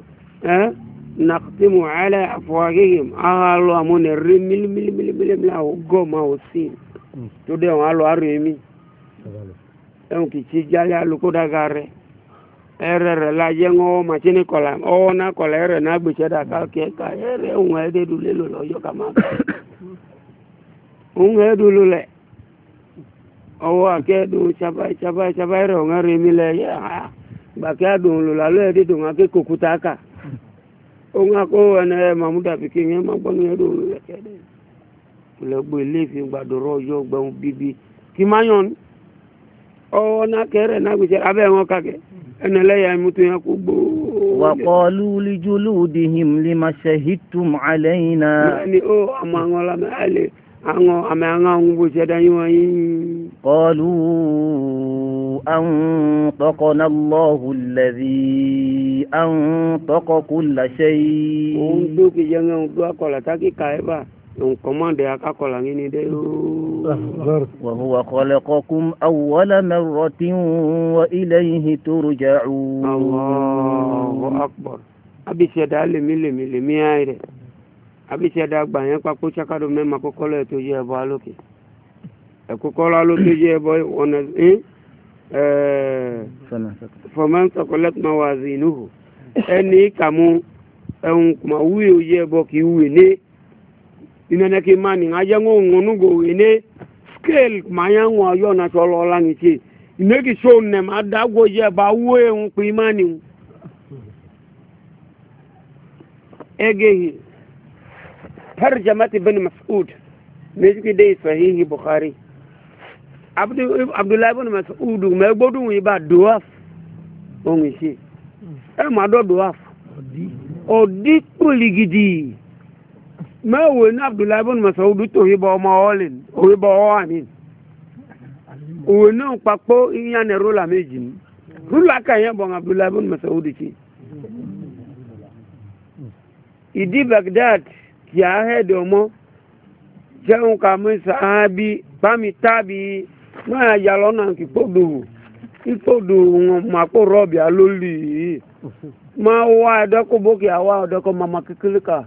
أه؟ نختم على أفواههم أهلا من الرمل مل مل مل مل له قوم أو سين تدعو أهلا الرمي tan ki ci jaya lu ko dagare ere re la yengo ma chini kola o na kola ere na bu che da ka ke ka ere un e de du le lu lo yo kama un e du lu le o wa ke du chapa chapa chapa ere un ere mi le ya ba ke du lu la le di du nga ke kukuta ka un a ko ene ma muda piki nge ma bon e du lu le ke de le bu le fi gba do ro yo gba un bibi ki ma yon ọwọ́ náà kẹrẹ̀ náà gbèsè abẹ́ wọn kàkẹ́ ẹnu ẹlẹ́yà ìmútu yẹn kú gbòó.
wàkọ́lù lìjúlù dìhìm lima ṣehìtum àlẹ́yìn náà. ní
ó àmọ́ àwọn ọlọ́mọ ẹ̀ àwọn àmì àwọn àwọn gbèsè dáyé wọn yìí. kọ́lù àwọn tọkọ náà lọ́hùn lẹ́bí àwọn tọkọ kú làṣẹ yìí. òun dókè jẹ́ ń gbọ́ akọ̀lá tákì káyébà. nkomande akakola ngini de وهو خلقكم أول مرة وإليه ترجعون الله أكبر abi ṣẹ̀dá lèmílèmílèmí àìrẹ̀ abi ṣẹ̀dá gbà yẹn papò ṣàkàdùn mẹ́ma kókọ́lọ́ ètò yẹ ẹ̀bọ alókè ẹ̀kókọ́lọ́ alókè yẹ wà ẹni kàmú yẹ ineneke mani aje ngo ngonu go ene scale maya ngo ayo na cholo la ni ti ineki show ne ma da go je ba wo e un pe mani ege tarjamati ibn mas'ud mejiki de sahihi bukhari abdu abdullah ibn mas'ud me gbodun yi ba duaf ohun ise e ma do duaf odi odi puligidi mẹ́wòó ní abdullahi bọ́n mọ̀sán odú tó yíbọn ọmọ ọ́lìn òyìnbọn ọ́ àmì òwe náà papọ̀ ìyànnì rúlà méjì ní rúlà kàyẹ́ bọ̀n abdullahi bọ́n mọ̀sán odú sí. ìdí baghdad kì á hẹ́ẹ̀dì ọmọ jẹun kà mí sàábì bámi tábì náà yà lọ́nà kíkódò kíkódò wọn màkó rọ́ọ̀bì alólì yìí máa wá ẹ̀dọ́kọ̀ bókè àwa ẹ̀dọ́kọ̀ mama kékeré kà.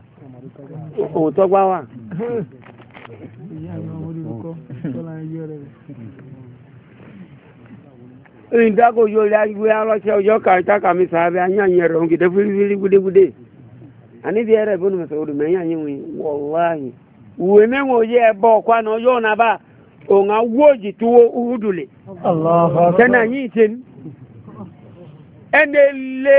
òótọ́ gbá wà. ìdáko yóò lé agbé arọ́ṣẹ́ ọjọ́ kàríta kàmi sàábẹ́ anyáyẹ rẹ̀ òǹkìdé fírífírí gúdégúdé àníbi ẹ̀rẹ̀ ọrụ mẹ́sàn odò mẹ́yìn àyè wọn wọ́láhì wùwé mẹ́wọ̀n oyé ẹ̀bọ̀ ọ̀kọ́ àná ọjọ́ ọ̀nà bá ẹni lé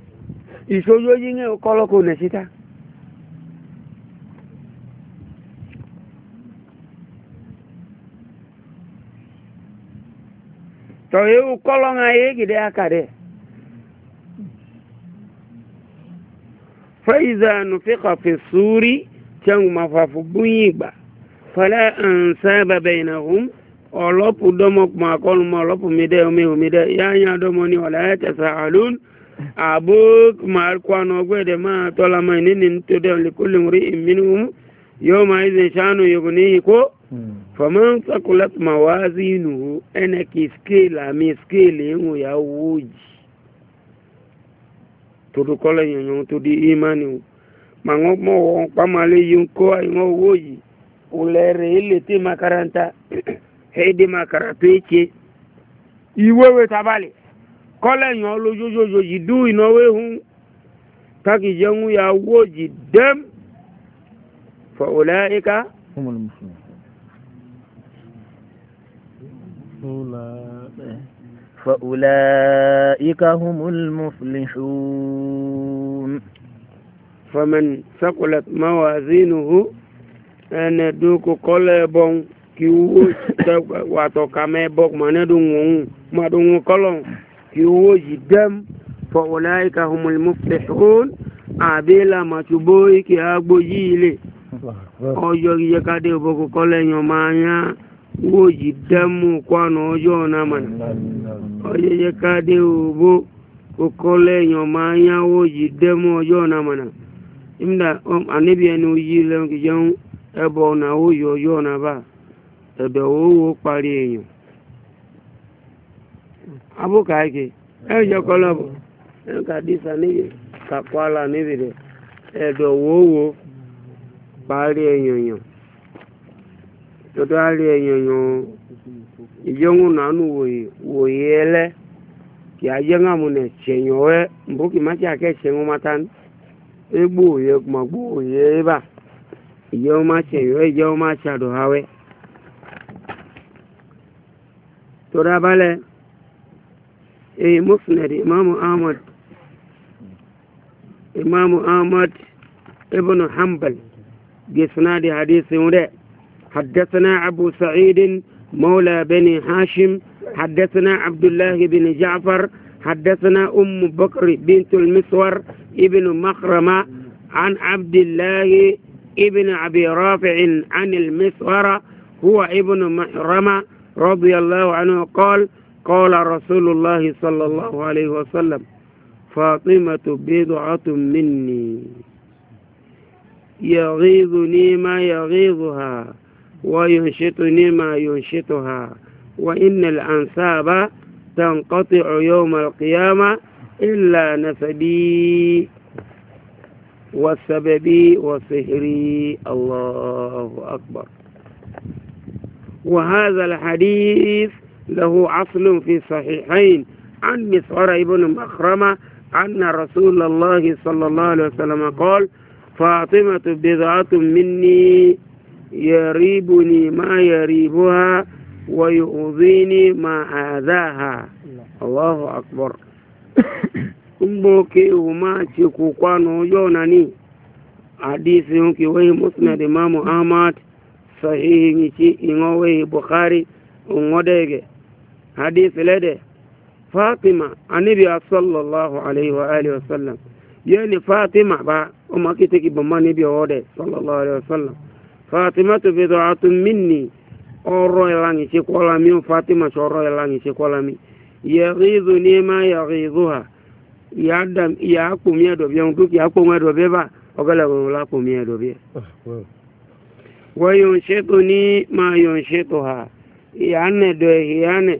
ìṣòyó yí ní ọkọlọ́kọ̀ nẹ̀síta tọ̀yẹ́ ọkọlọ́nà ayé gìdẹ́ àkàdẹ́ fẹ́ìzà nùfẹ́kọ̀ fi súrí tẹ́hùn mafàfù búyìn ìgbà fẹ́lẹ́ ǹsẹ́ bẹ̀bẹ̀ ìnàhùn ọlọ́pù dọ́mọkùnmọ̀ akọ́lùmọ̀ ọlọ́pù mídẹ́ omi omi dẹ́ yáyà dọ́mọ ní ọ̀lẹ́yẹ tẹ̀sà àlùn abuk mal kwano gwede ma tola ma nini ntude li kulli mri'in minhum yawma idhin shanu yughnihi hmm. ko faman thaqulat mawazinuhu ana kiskila mi ngu ya wuji tudu nyonyo tudi imani mango mo won pamale yun ko ay ulere ile ti makaranta heidi makaratu iwewe tabali kọ́lẹ̀ yàn lójoojoojo yìí dú ìnáwó ehun káàkiri jẹun ya wó jì dẹ́m fọ̀ọ́lẹ́ ẹ̀ka.
فأولئك هم المفلحون
فمن ثقلت موازينه أن دوك قلبهم كيوش واتوكامي بوك ما ندوم ما دوم قلبهم kiwoji dem fa ulaika humul muflihun abela matuboyi ki agbo yile oyo ye kade boko kole yan manya woji dem kwano ojo na man oyo ye kade obo kokole yan manya woji dem ojo na man imda um anibi enu yile ngi jan ebo na oyo ojo na ba ebe owo pari eyan abúkà ike
ẹjọ e kọlọbù
ẹnka e dísà níbi kàkwálà níbi rẹ ẹdọ e wòówò parí ẹyọnyọ tọdọ àrí ẹyọnyọ a kẹ egbu má tán egbò òye kùmà gbò òye ẹ bá eh musnad imam ahmad imam ahmad ibn hanbal بإسناد حديث وده حدثنا أبو سعيد مولى بني هاشم حدثنا عبد الله بن جعفر حدثنا أم بكر بنت المسور ابن مخرمة عن عبد الله ابن أبي رافع عن المسور هو ابن مخرمة رضي الله عنه قال قال رسول الله صلى الله عليه وسلم فاطمة بضعة مني يغيظني ما يغيظها وينشطني ما ينشطها وإن الأنساب تنقطع يوم القيامة إلا نسبي وسببي وسهري الله أكبر وهذا الحديث له عصل في صحيحين عن مسعر ابن مخرمة أن رسول الله صلى الله عليه وسلم قال فاطمة بضعة مني يريبني ما يريبها ويؤذيني ما آذاها الله أكبر مبوكي وما تشكوكوانو يوناني حديث يمكي وهي مسند إمام أحمد صحيح نشي إنه وهي بخاري ونوديجي hadith lede fatima anibi sallallahu alaihi wa alihi wasallam yani fatima ba o ma kite ki bo mani bi ode sallallahu alaihi wasallam fatima tu bid'atun minni oro elangi ci kola mi um fatima oro elangi ci kola mi yaghizu ni ma yaghizuha ya dam ya ku mi do bi on du ya ku ma do be ba o gele ko la ku mi do bi wa yunshitu ni ma yunshitu ha yane do yane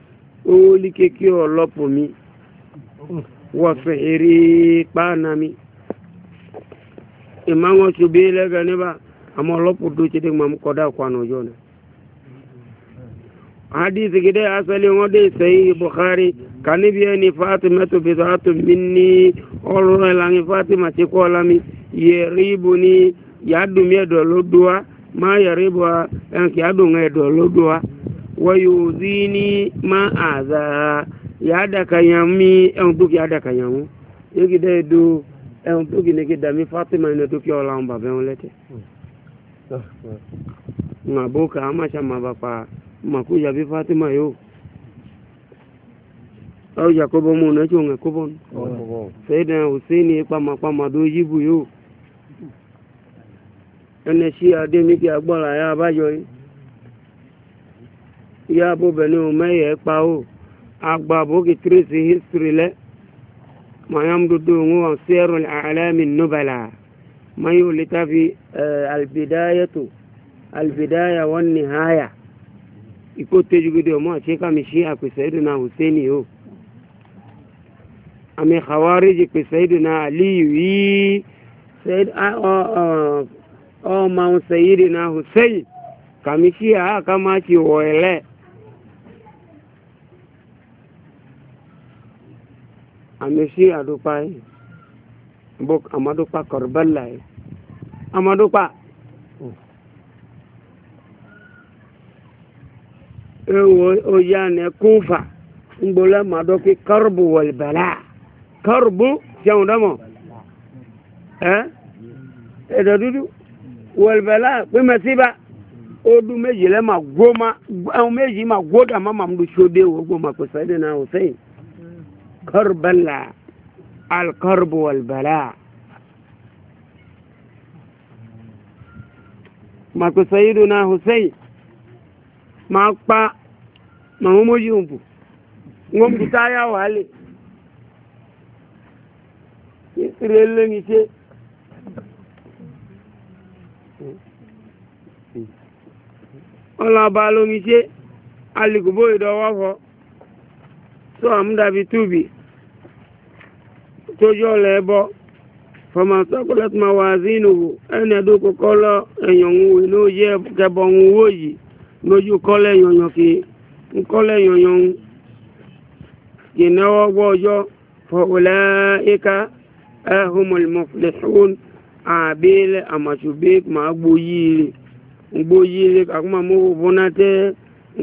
oli keke olopo mi wa fihiri kpana mi imango tsubi lega niba ama olopo do tsi de mam koda kwano jona hadith gide asali ngode sayi bukhari kanibiya ni fatima tu bidatu minni olore langi fatima ti kolami yeribuni yadumie do lodua ma yeribu en ki adunga do lodua wayuzini ma aza ya da kanyami en duki ya da kanyamu yegi de do en duki ne gida mi fatima ne duki ola on babe on lete na boka ama chama bapa makuja bi fatima yo au yakobo mu na chonga kobon sayyidina husaini pa mapa mado yibu yo ene shi ade mi ya abajo ya bo beni umeye pa o agba bo ki trace history le mayam dudu ngo sirul a'lami nubala mayu litafi eh, al bidayatu al bidaya wan nihaya iko tejugide mo se ka mi shi akwesaidu na huseni o ami khawariji pe saidu na aliyu yi said o ma husaini na husaini kamishi a kama ci wọ̀ẹ̀lẹ́ amesi adupa yi bok amadupa kɔrbala yi amadupa ewo oyane kunfa ngbola madoki kɔrbu walibala kɔrbu fiɛn dama eh? ɛ ɛdɛ dudu walibala o odu meji lɛ ma goma ɛn meji ma goda ma mamudu sode o goma kpɛsɛ de na o sɛyin. كرب الكرب والبلاء mako sayiduna hussein ma pa mamu moji umbu ngombu taya wale israele ngise ọlọba ló ngise alikubo ìdọwọ fọ tó àmúdàbí túbì tójú ọ̀lẹ̀ ẹbọ fọmọ sọ́kùlẹ́tì máa wà sí ìnùwò ẹni ẹ̀dùn kọ́kọ́ lọ ẹ̀yàn òun ìlú yẹ kẹbọ òun owó yìí lójú kọ́lẹ̀ yọ̀yàn kì í kọ́lẹ̀ yọ̀yàn òun kì í náwó gbọ́jọ́ fọwọ́lẹ́ ẹ̀ka ẹ̀hùnmọ̀lẹ́fún àbẹ́lẹ̀ àmàṣùbẹ́ máa gbóyè rẹ̀ gbóyè rẹ̀ kàkó máa mú fòfónátẹ́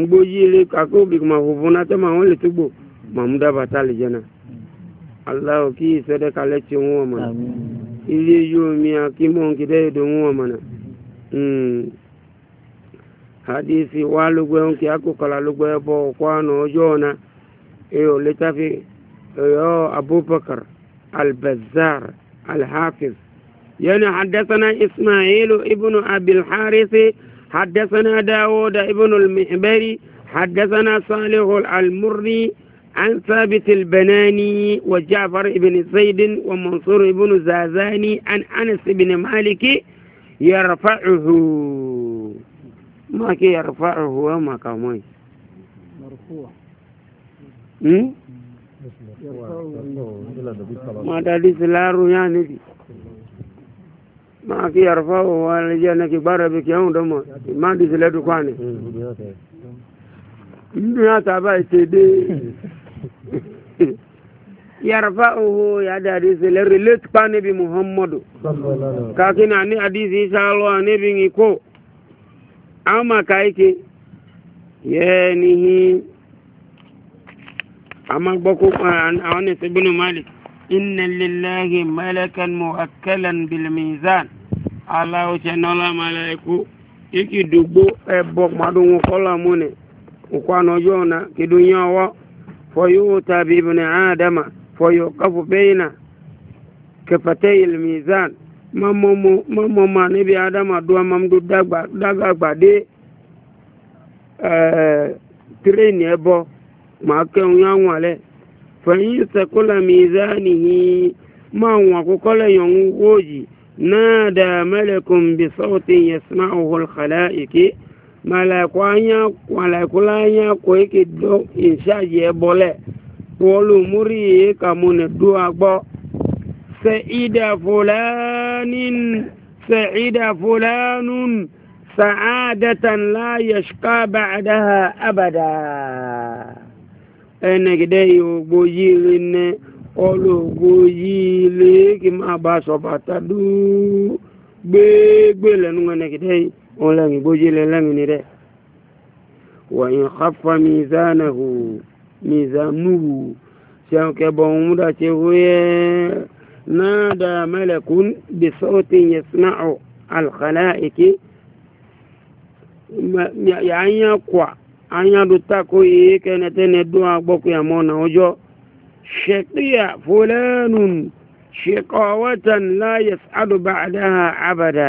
gbóyè rẹ̀ kàkó bìkì máa fòfónátẹ́ máa wọ́n lè túgbò mamuda bata le jẹna alahu kí ìsọdẹ kalẹ tí wọn wọn mọnà ilé yóò mi akí mọ̀nkí dẹ́yẹ hmm. dùn wọn mọnà hadisi wa lugbe ń kí akókòlá lugbe bọ̀ kwano ọjọ́ ọ̀nà èyí ò létà fi èyí abubakar albazar alhafiz yẹn hadasana ismailu ibnu abilharisi hadasana dawuda ibnu almihbari hadasana salihu almurri. عن ثابت البناني وجعفر بن زيد ومنصور بن زازاني عن أنس بن مالك يرفعه ما كي يرفعه وما كموي
مرفوع ما
تدي سلارو يعني دي. ما كي يرفعه ولا جانا كبار بك يوم دم ما دي سلارو كواني الدنيا تبع دي yarfa'uhu ya da hadisi le relate pa nabi muhammadu kaki na ni hadisi salo anabi ni ko ama kaike yanihi ama gboko àwọn ne sibinu malik inna lillahi malakan muakkalan bil mizan ala o chenola malaiku iki dugbo e bok madun kola mune ukwa no kidunya wa فيؤتى بابن آدم فيوقف بين كفتي الميزان mọ́mọ́ ma níbi adámadúwá máa ń dún dágbàgbàdé tírèènì ẹbọ máa kẹun yáwọn alẹ́ fẹ̀yìn sẹ́kọ́lá mìíza nìyí máa wọn àkókò lẹ́yìn ọ̀hún wòóyì náà dà mẹ́lẹ̀kùn bí sọ́ọ̀tì yẹn sinmi àwọn ọ̀hún kàlá èké malaiku anya malaiku anya ko eke do insha ye bole wolu muri kamune dua gbo saida fulanin saida fulanun sa'adatan la yashqa ba'daha abada enegide ogbo yiri ne ologbo yiri ki ma ba so bata du gbegbe lenu enegide yi wọn lẹ́yìn bójú lẹ lẹ́yìn ni rẹ̀ wọ̀nyí xafa mizanahu mizanuhu sẹ́wọ̀n kẹbọ̀ ń dà ṣe wúyẹ́ náà dà mẹ́lẹ̀kún bisọ́ọ̀tì yẹn sinau alxalaiki yà á yàn kwa á yàn do tako yìí kẹ́nẹ́tẹ́nẹ́ dún agbọ́kú yà mọ́ ọ̀nà ọjọ́ ṣèkíyà fúlẹ́nù ṣèkọ̀wọ́tàn láyẹ̀sádùbà àdáhà abàdà.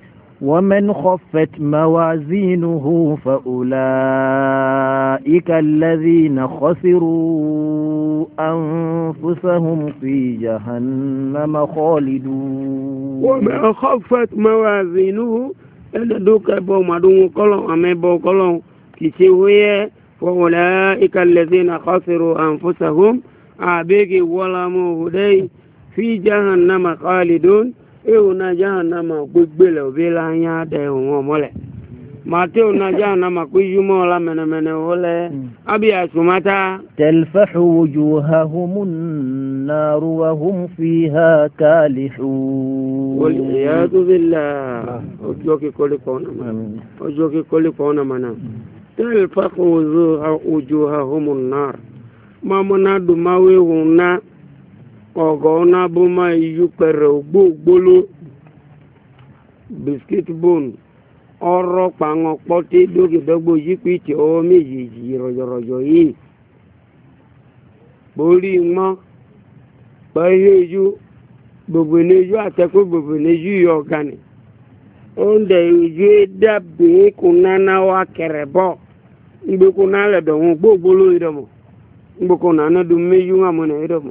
ومن خفت موازينه فأولئك الذين خسروا أنفسهم في جهنم
خالدون ومن خفت موازينه ẹlẹ́dọ́kọ ẹbọ màdúnwó kọ́lọ̀ àmẹ́bọ kọ́lọ̀ kì í ṣe wúyẹ́ fọwọ́lá ìkàlẹ́sẹ̀ náà kọ́sìrò àǹfọ̀sàgùn àbẹ́gẹ̀ wọ́lámọ̀ òdẹ́ fi jahannama khalidun ewu na jahannama gbegbele obela anya ada ehunwe omole mateo na ma jahannama ko yuma ola menemene ole hmm. abi asumata
talfahu wujuhahum an-nar wa hum fiha kalihun wal iyadu
billah hmm. ojo ki kole kona mana ojo ki kole kona mana hmm. talfahu wujuhahum an-nar mamona dumawe hunna ọ̀gọ́ na bó máa yú pẹ̀rẹ̀ ògbóògbóló biscuit bone ọrọ pàwọn pọ́tí dókèdọ́gbò yípìtì ọwọ́ méjèèjì rọ̀jọ̀rọ̀jọ̀ yìí borí mọ́ gbogbo yìí ọ̀gá ni ó ń dẹ̀ ìjú dàbí na wa kẹrẹ̀ bọ́ ìgbékùnà lẹ̀dọ̀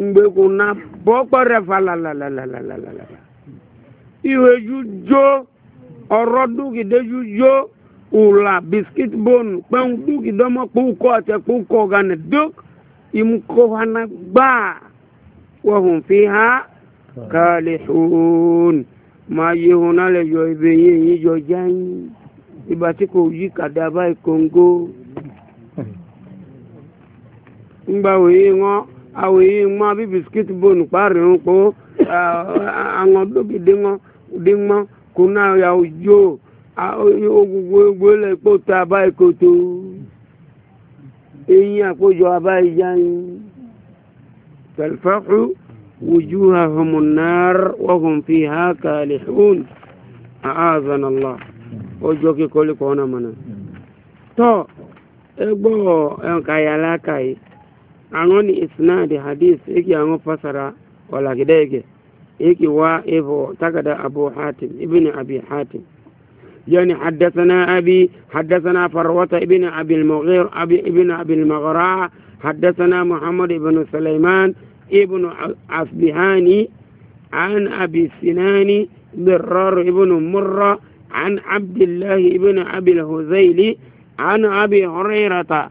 mgbe na bọkpọrọ falalalalalalala iweju jo ọrọ dugideju jo ula biskit bone kpẹun dugidọmọ kpọkọ ọtẹ kpọkọ ọgana duk imkọhana gbaa wọhùn fi ha kàlẹ hùn máa yé hùn náà lè yọ ye yìí yìí jọ jẹun ìgbà tí kò yí kàdábà ìkóńgó ńgbà wòye awo yi ŋmɔ bi biskit bon kpari ŋu ko aŋɔ dogi diŋɔ diŋɔ kuna yawo dzo ogugu le kpoto abayi koto eyin akpɔjɔ abayi yanyi tẹlifaku wuju ha humunar wahun fi ha kalihun aazanala ojo kikoli kɔna mana tɔ egbɔ ɛnkayala kayi angoni isnadi hadis iki ango fasara wala gidege iki wa ibo takada abu hatim ibn abi hatim يعني حدثنا أبي حدثنا فروة ابن أبي المغير أبي ابن أبي المغراء حدثنا محمد بن سليمان ابن عفبهاني عن أبي سنان برار ابن مرة عن عبد الله ابن أبي الهزيلي عن أبي هريرة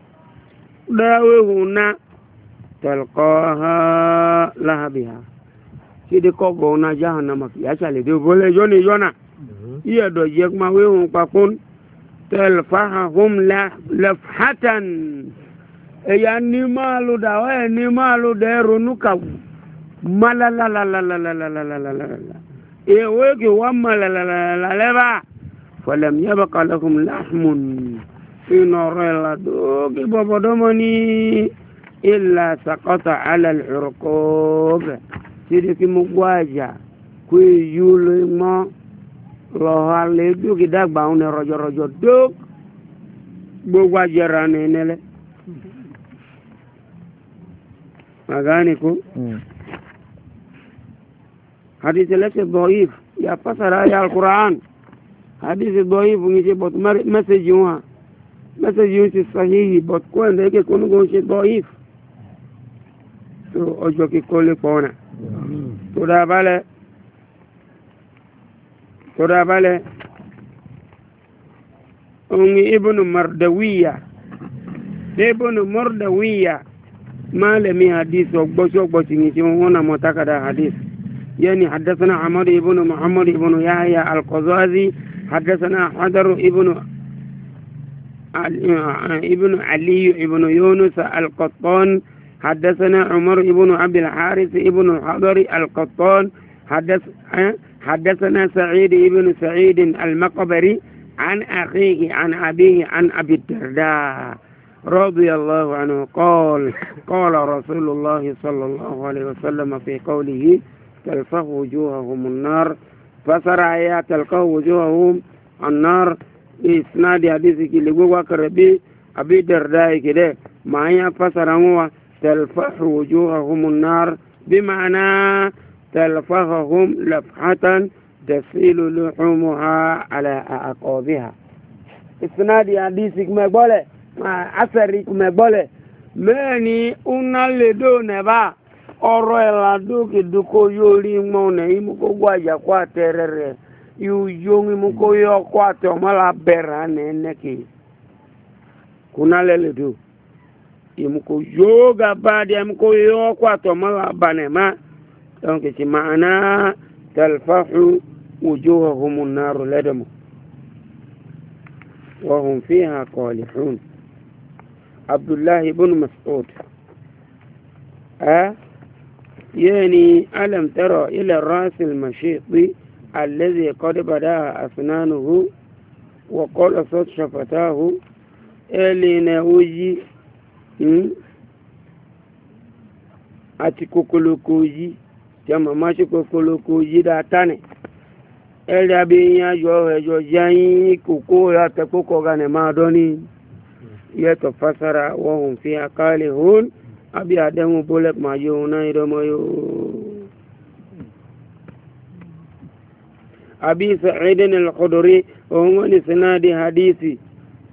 داوهنا تلقاها لها بها kide kọbọ na jahannama fi aṣàlẹ̀ tó bọ́lẹ̀ yọ́nà yọ́nà yíyàdọ̀ jẹ́ mhm. kuma wíhùn pakún tẹlifahahum lafhatan ẹ̀yà ní máa lò dà ọ́ ẹ̀ ní máa lò dà ẹ̀ ronú kàwù malalalalalalalalalalala èèwé kì inọ̀rọ̀ ẹ̀la tó kí bọ̀bọ̀dọ́mọ ní ilà sàkọ́tà alẹ́ ìrùkọ́ bẹ̀ títí kí mo gbọ́ àjà kó èyí ló mọ́ lọ́wọ́ alẹ́ dókè dàgbà òun ní rọ̀jọ̀rọ̀jọ̀ tó gbogbo àjẹrà ní nílẹ̀. magani ko hmm. alquran hadithi dhaif ngije bot message wa message yìí ń ṣe sahihi but kó ẹ̀ndẹ́ ike kó nígbà ń ṣe bọ́ if so ọjọ́ kíkọ́ lè pọ̀ ọ̀nà tòdà abalẹ̀ tòdà abalẹ̀ òun ibùnú mardawiya ibùnú mardawiya máa lẹ̀mí hadith ọgbọ́sọgbọ́sì ní tí wọ́n náà mọ̀ takada hadith يعني حدثنا عمر بن محمد بن يحيى القزازي حدثنا حدر بن آه، ابن علي ابن يونس القطان حدثنا عمر ابن عبد الحارث ابن الحضر القطان حدث آه، حدثنا سعيد ابن سعيد المقبري عن أخيه عن أبيه عن أبي الدرداء رضي الله عنه قال قال رسول الله صلى الله عليه وسلم في قوله تلفه وجوههم النار فسرعيا تلقاه وجوههم النار bi isnadi hadisi kile gwa karabi abi darda kide ma ya fasara wa talfahu wujuhahum an-nar bima'na talfahum lafhatan tasilu luhumuha ala aqabiha isnadi hadisi kuma gbole ma asari kuma gbole meni unaledo neba ọ̀rọ̀ ẹ̀làdókè dúkó yóò rí mọ́ ọ̀nà yìí gbogbo àjàkú àtẹrẹ yuyongi muko yo kwate omala bera nene ki kuna lele du imuko yoga badi imuko yo kwate omala banema donc ci maana talfahu wujuhahum an-nar ladamu wa hum fiha qalihun abdullah ibn mas'ud ha eh? yani alam tara ila ar mashiqi الذي قد بدأ أسنانه وقال صوت شفتاه إلي نوجي àti kokoloko yí tí a mọ̀ máa ṣe kokoloko yí dáadáa nì ẹ̀rí abẹ́yìn ayọ̀ ẹ̀yọ̀ yáyín kòkó àtẹ̀kókò ọ̀gá nì máa dán ní yẹtọ̀ fásara wọ́n fi àkàlẹ̀ hón àbí àdéhùn bólẹ̀ máa yóò náà ìdánmọ́ أبي سعيد الخدري وهو سناد حديثي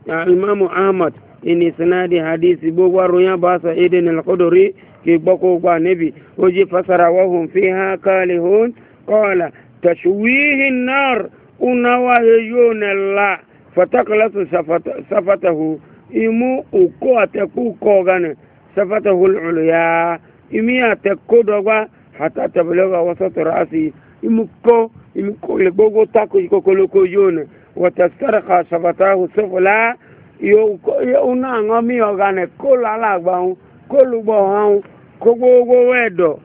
الإمام أحمد إن سناد حديثي بوغر يا با سعيد الخدري كي بكو با نبي وجي فسر وهم فيها كالهون قال تشويه النار unawayoyona la fatakalatu safatahu imu uko ateku kogane safatahu luluya imi ateku dogba hata tabloga wasatu rasi imuko imuko le gbogbo tako ikokoloko yone watastaraka sabatahu sofola yo una ngo mi ogane kola alagba hun kolugbo hun ko gbogbo edo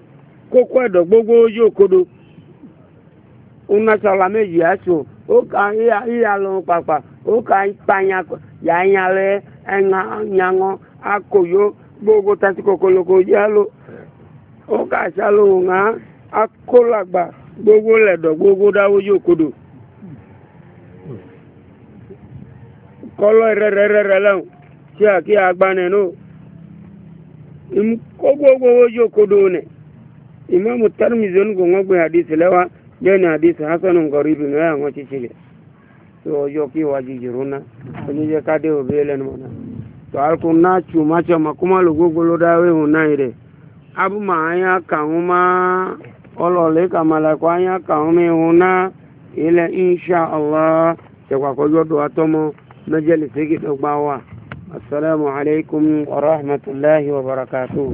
koko edo gbogbo yokodo una sala meji aso o ka iya iya lo papa o ka panya ya nyale enga nyango akoyo gbogbo tasikokoloko yalo o ka salo nga akolagba gbogbo lẹ̀dọ̀ gbogbo dáwó yóò kodo kọlọ rẹrẹrẹrẹ lẹ́wọ̀n tí a kí agbanẹ̀ nù kó gbogbo yóò kodo nẹ̀ ìmọ̀mù tẹ́lẹ̀mìzẹ́ ní kò ń gbìn àdìsí lẹ́wà jẹ́ni àdìsí hasan nǹkan ibi ní àwọn títí rẹ̀ tó ọjọ́ kí wàá jìjì rúnná oníjẹ káde òbí lẹ́nu mọ́nà tó àlùkò náà tù má tí a máa kó má lò gbogbo lọ dáwó ìhùn náà yìí rẹ̀ abúmọ̀ àyàn kàwọn máa. ọlọ́ọ̀lẹ́ kàmàlàkọ́ anya ka mẹ́hun na ilẹ̀ insha allah ṣẹ̀kwàkọ́jọ́ tó atọ́mọ́ mẹ́jẹ̀lì fẹ́kì tó gbá wà assalamu alaikum wa rahmatulahi wa barakatuh.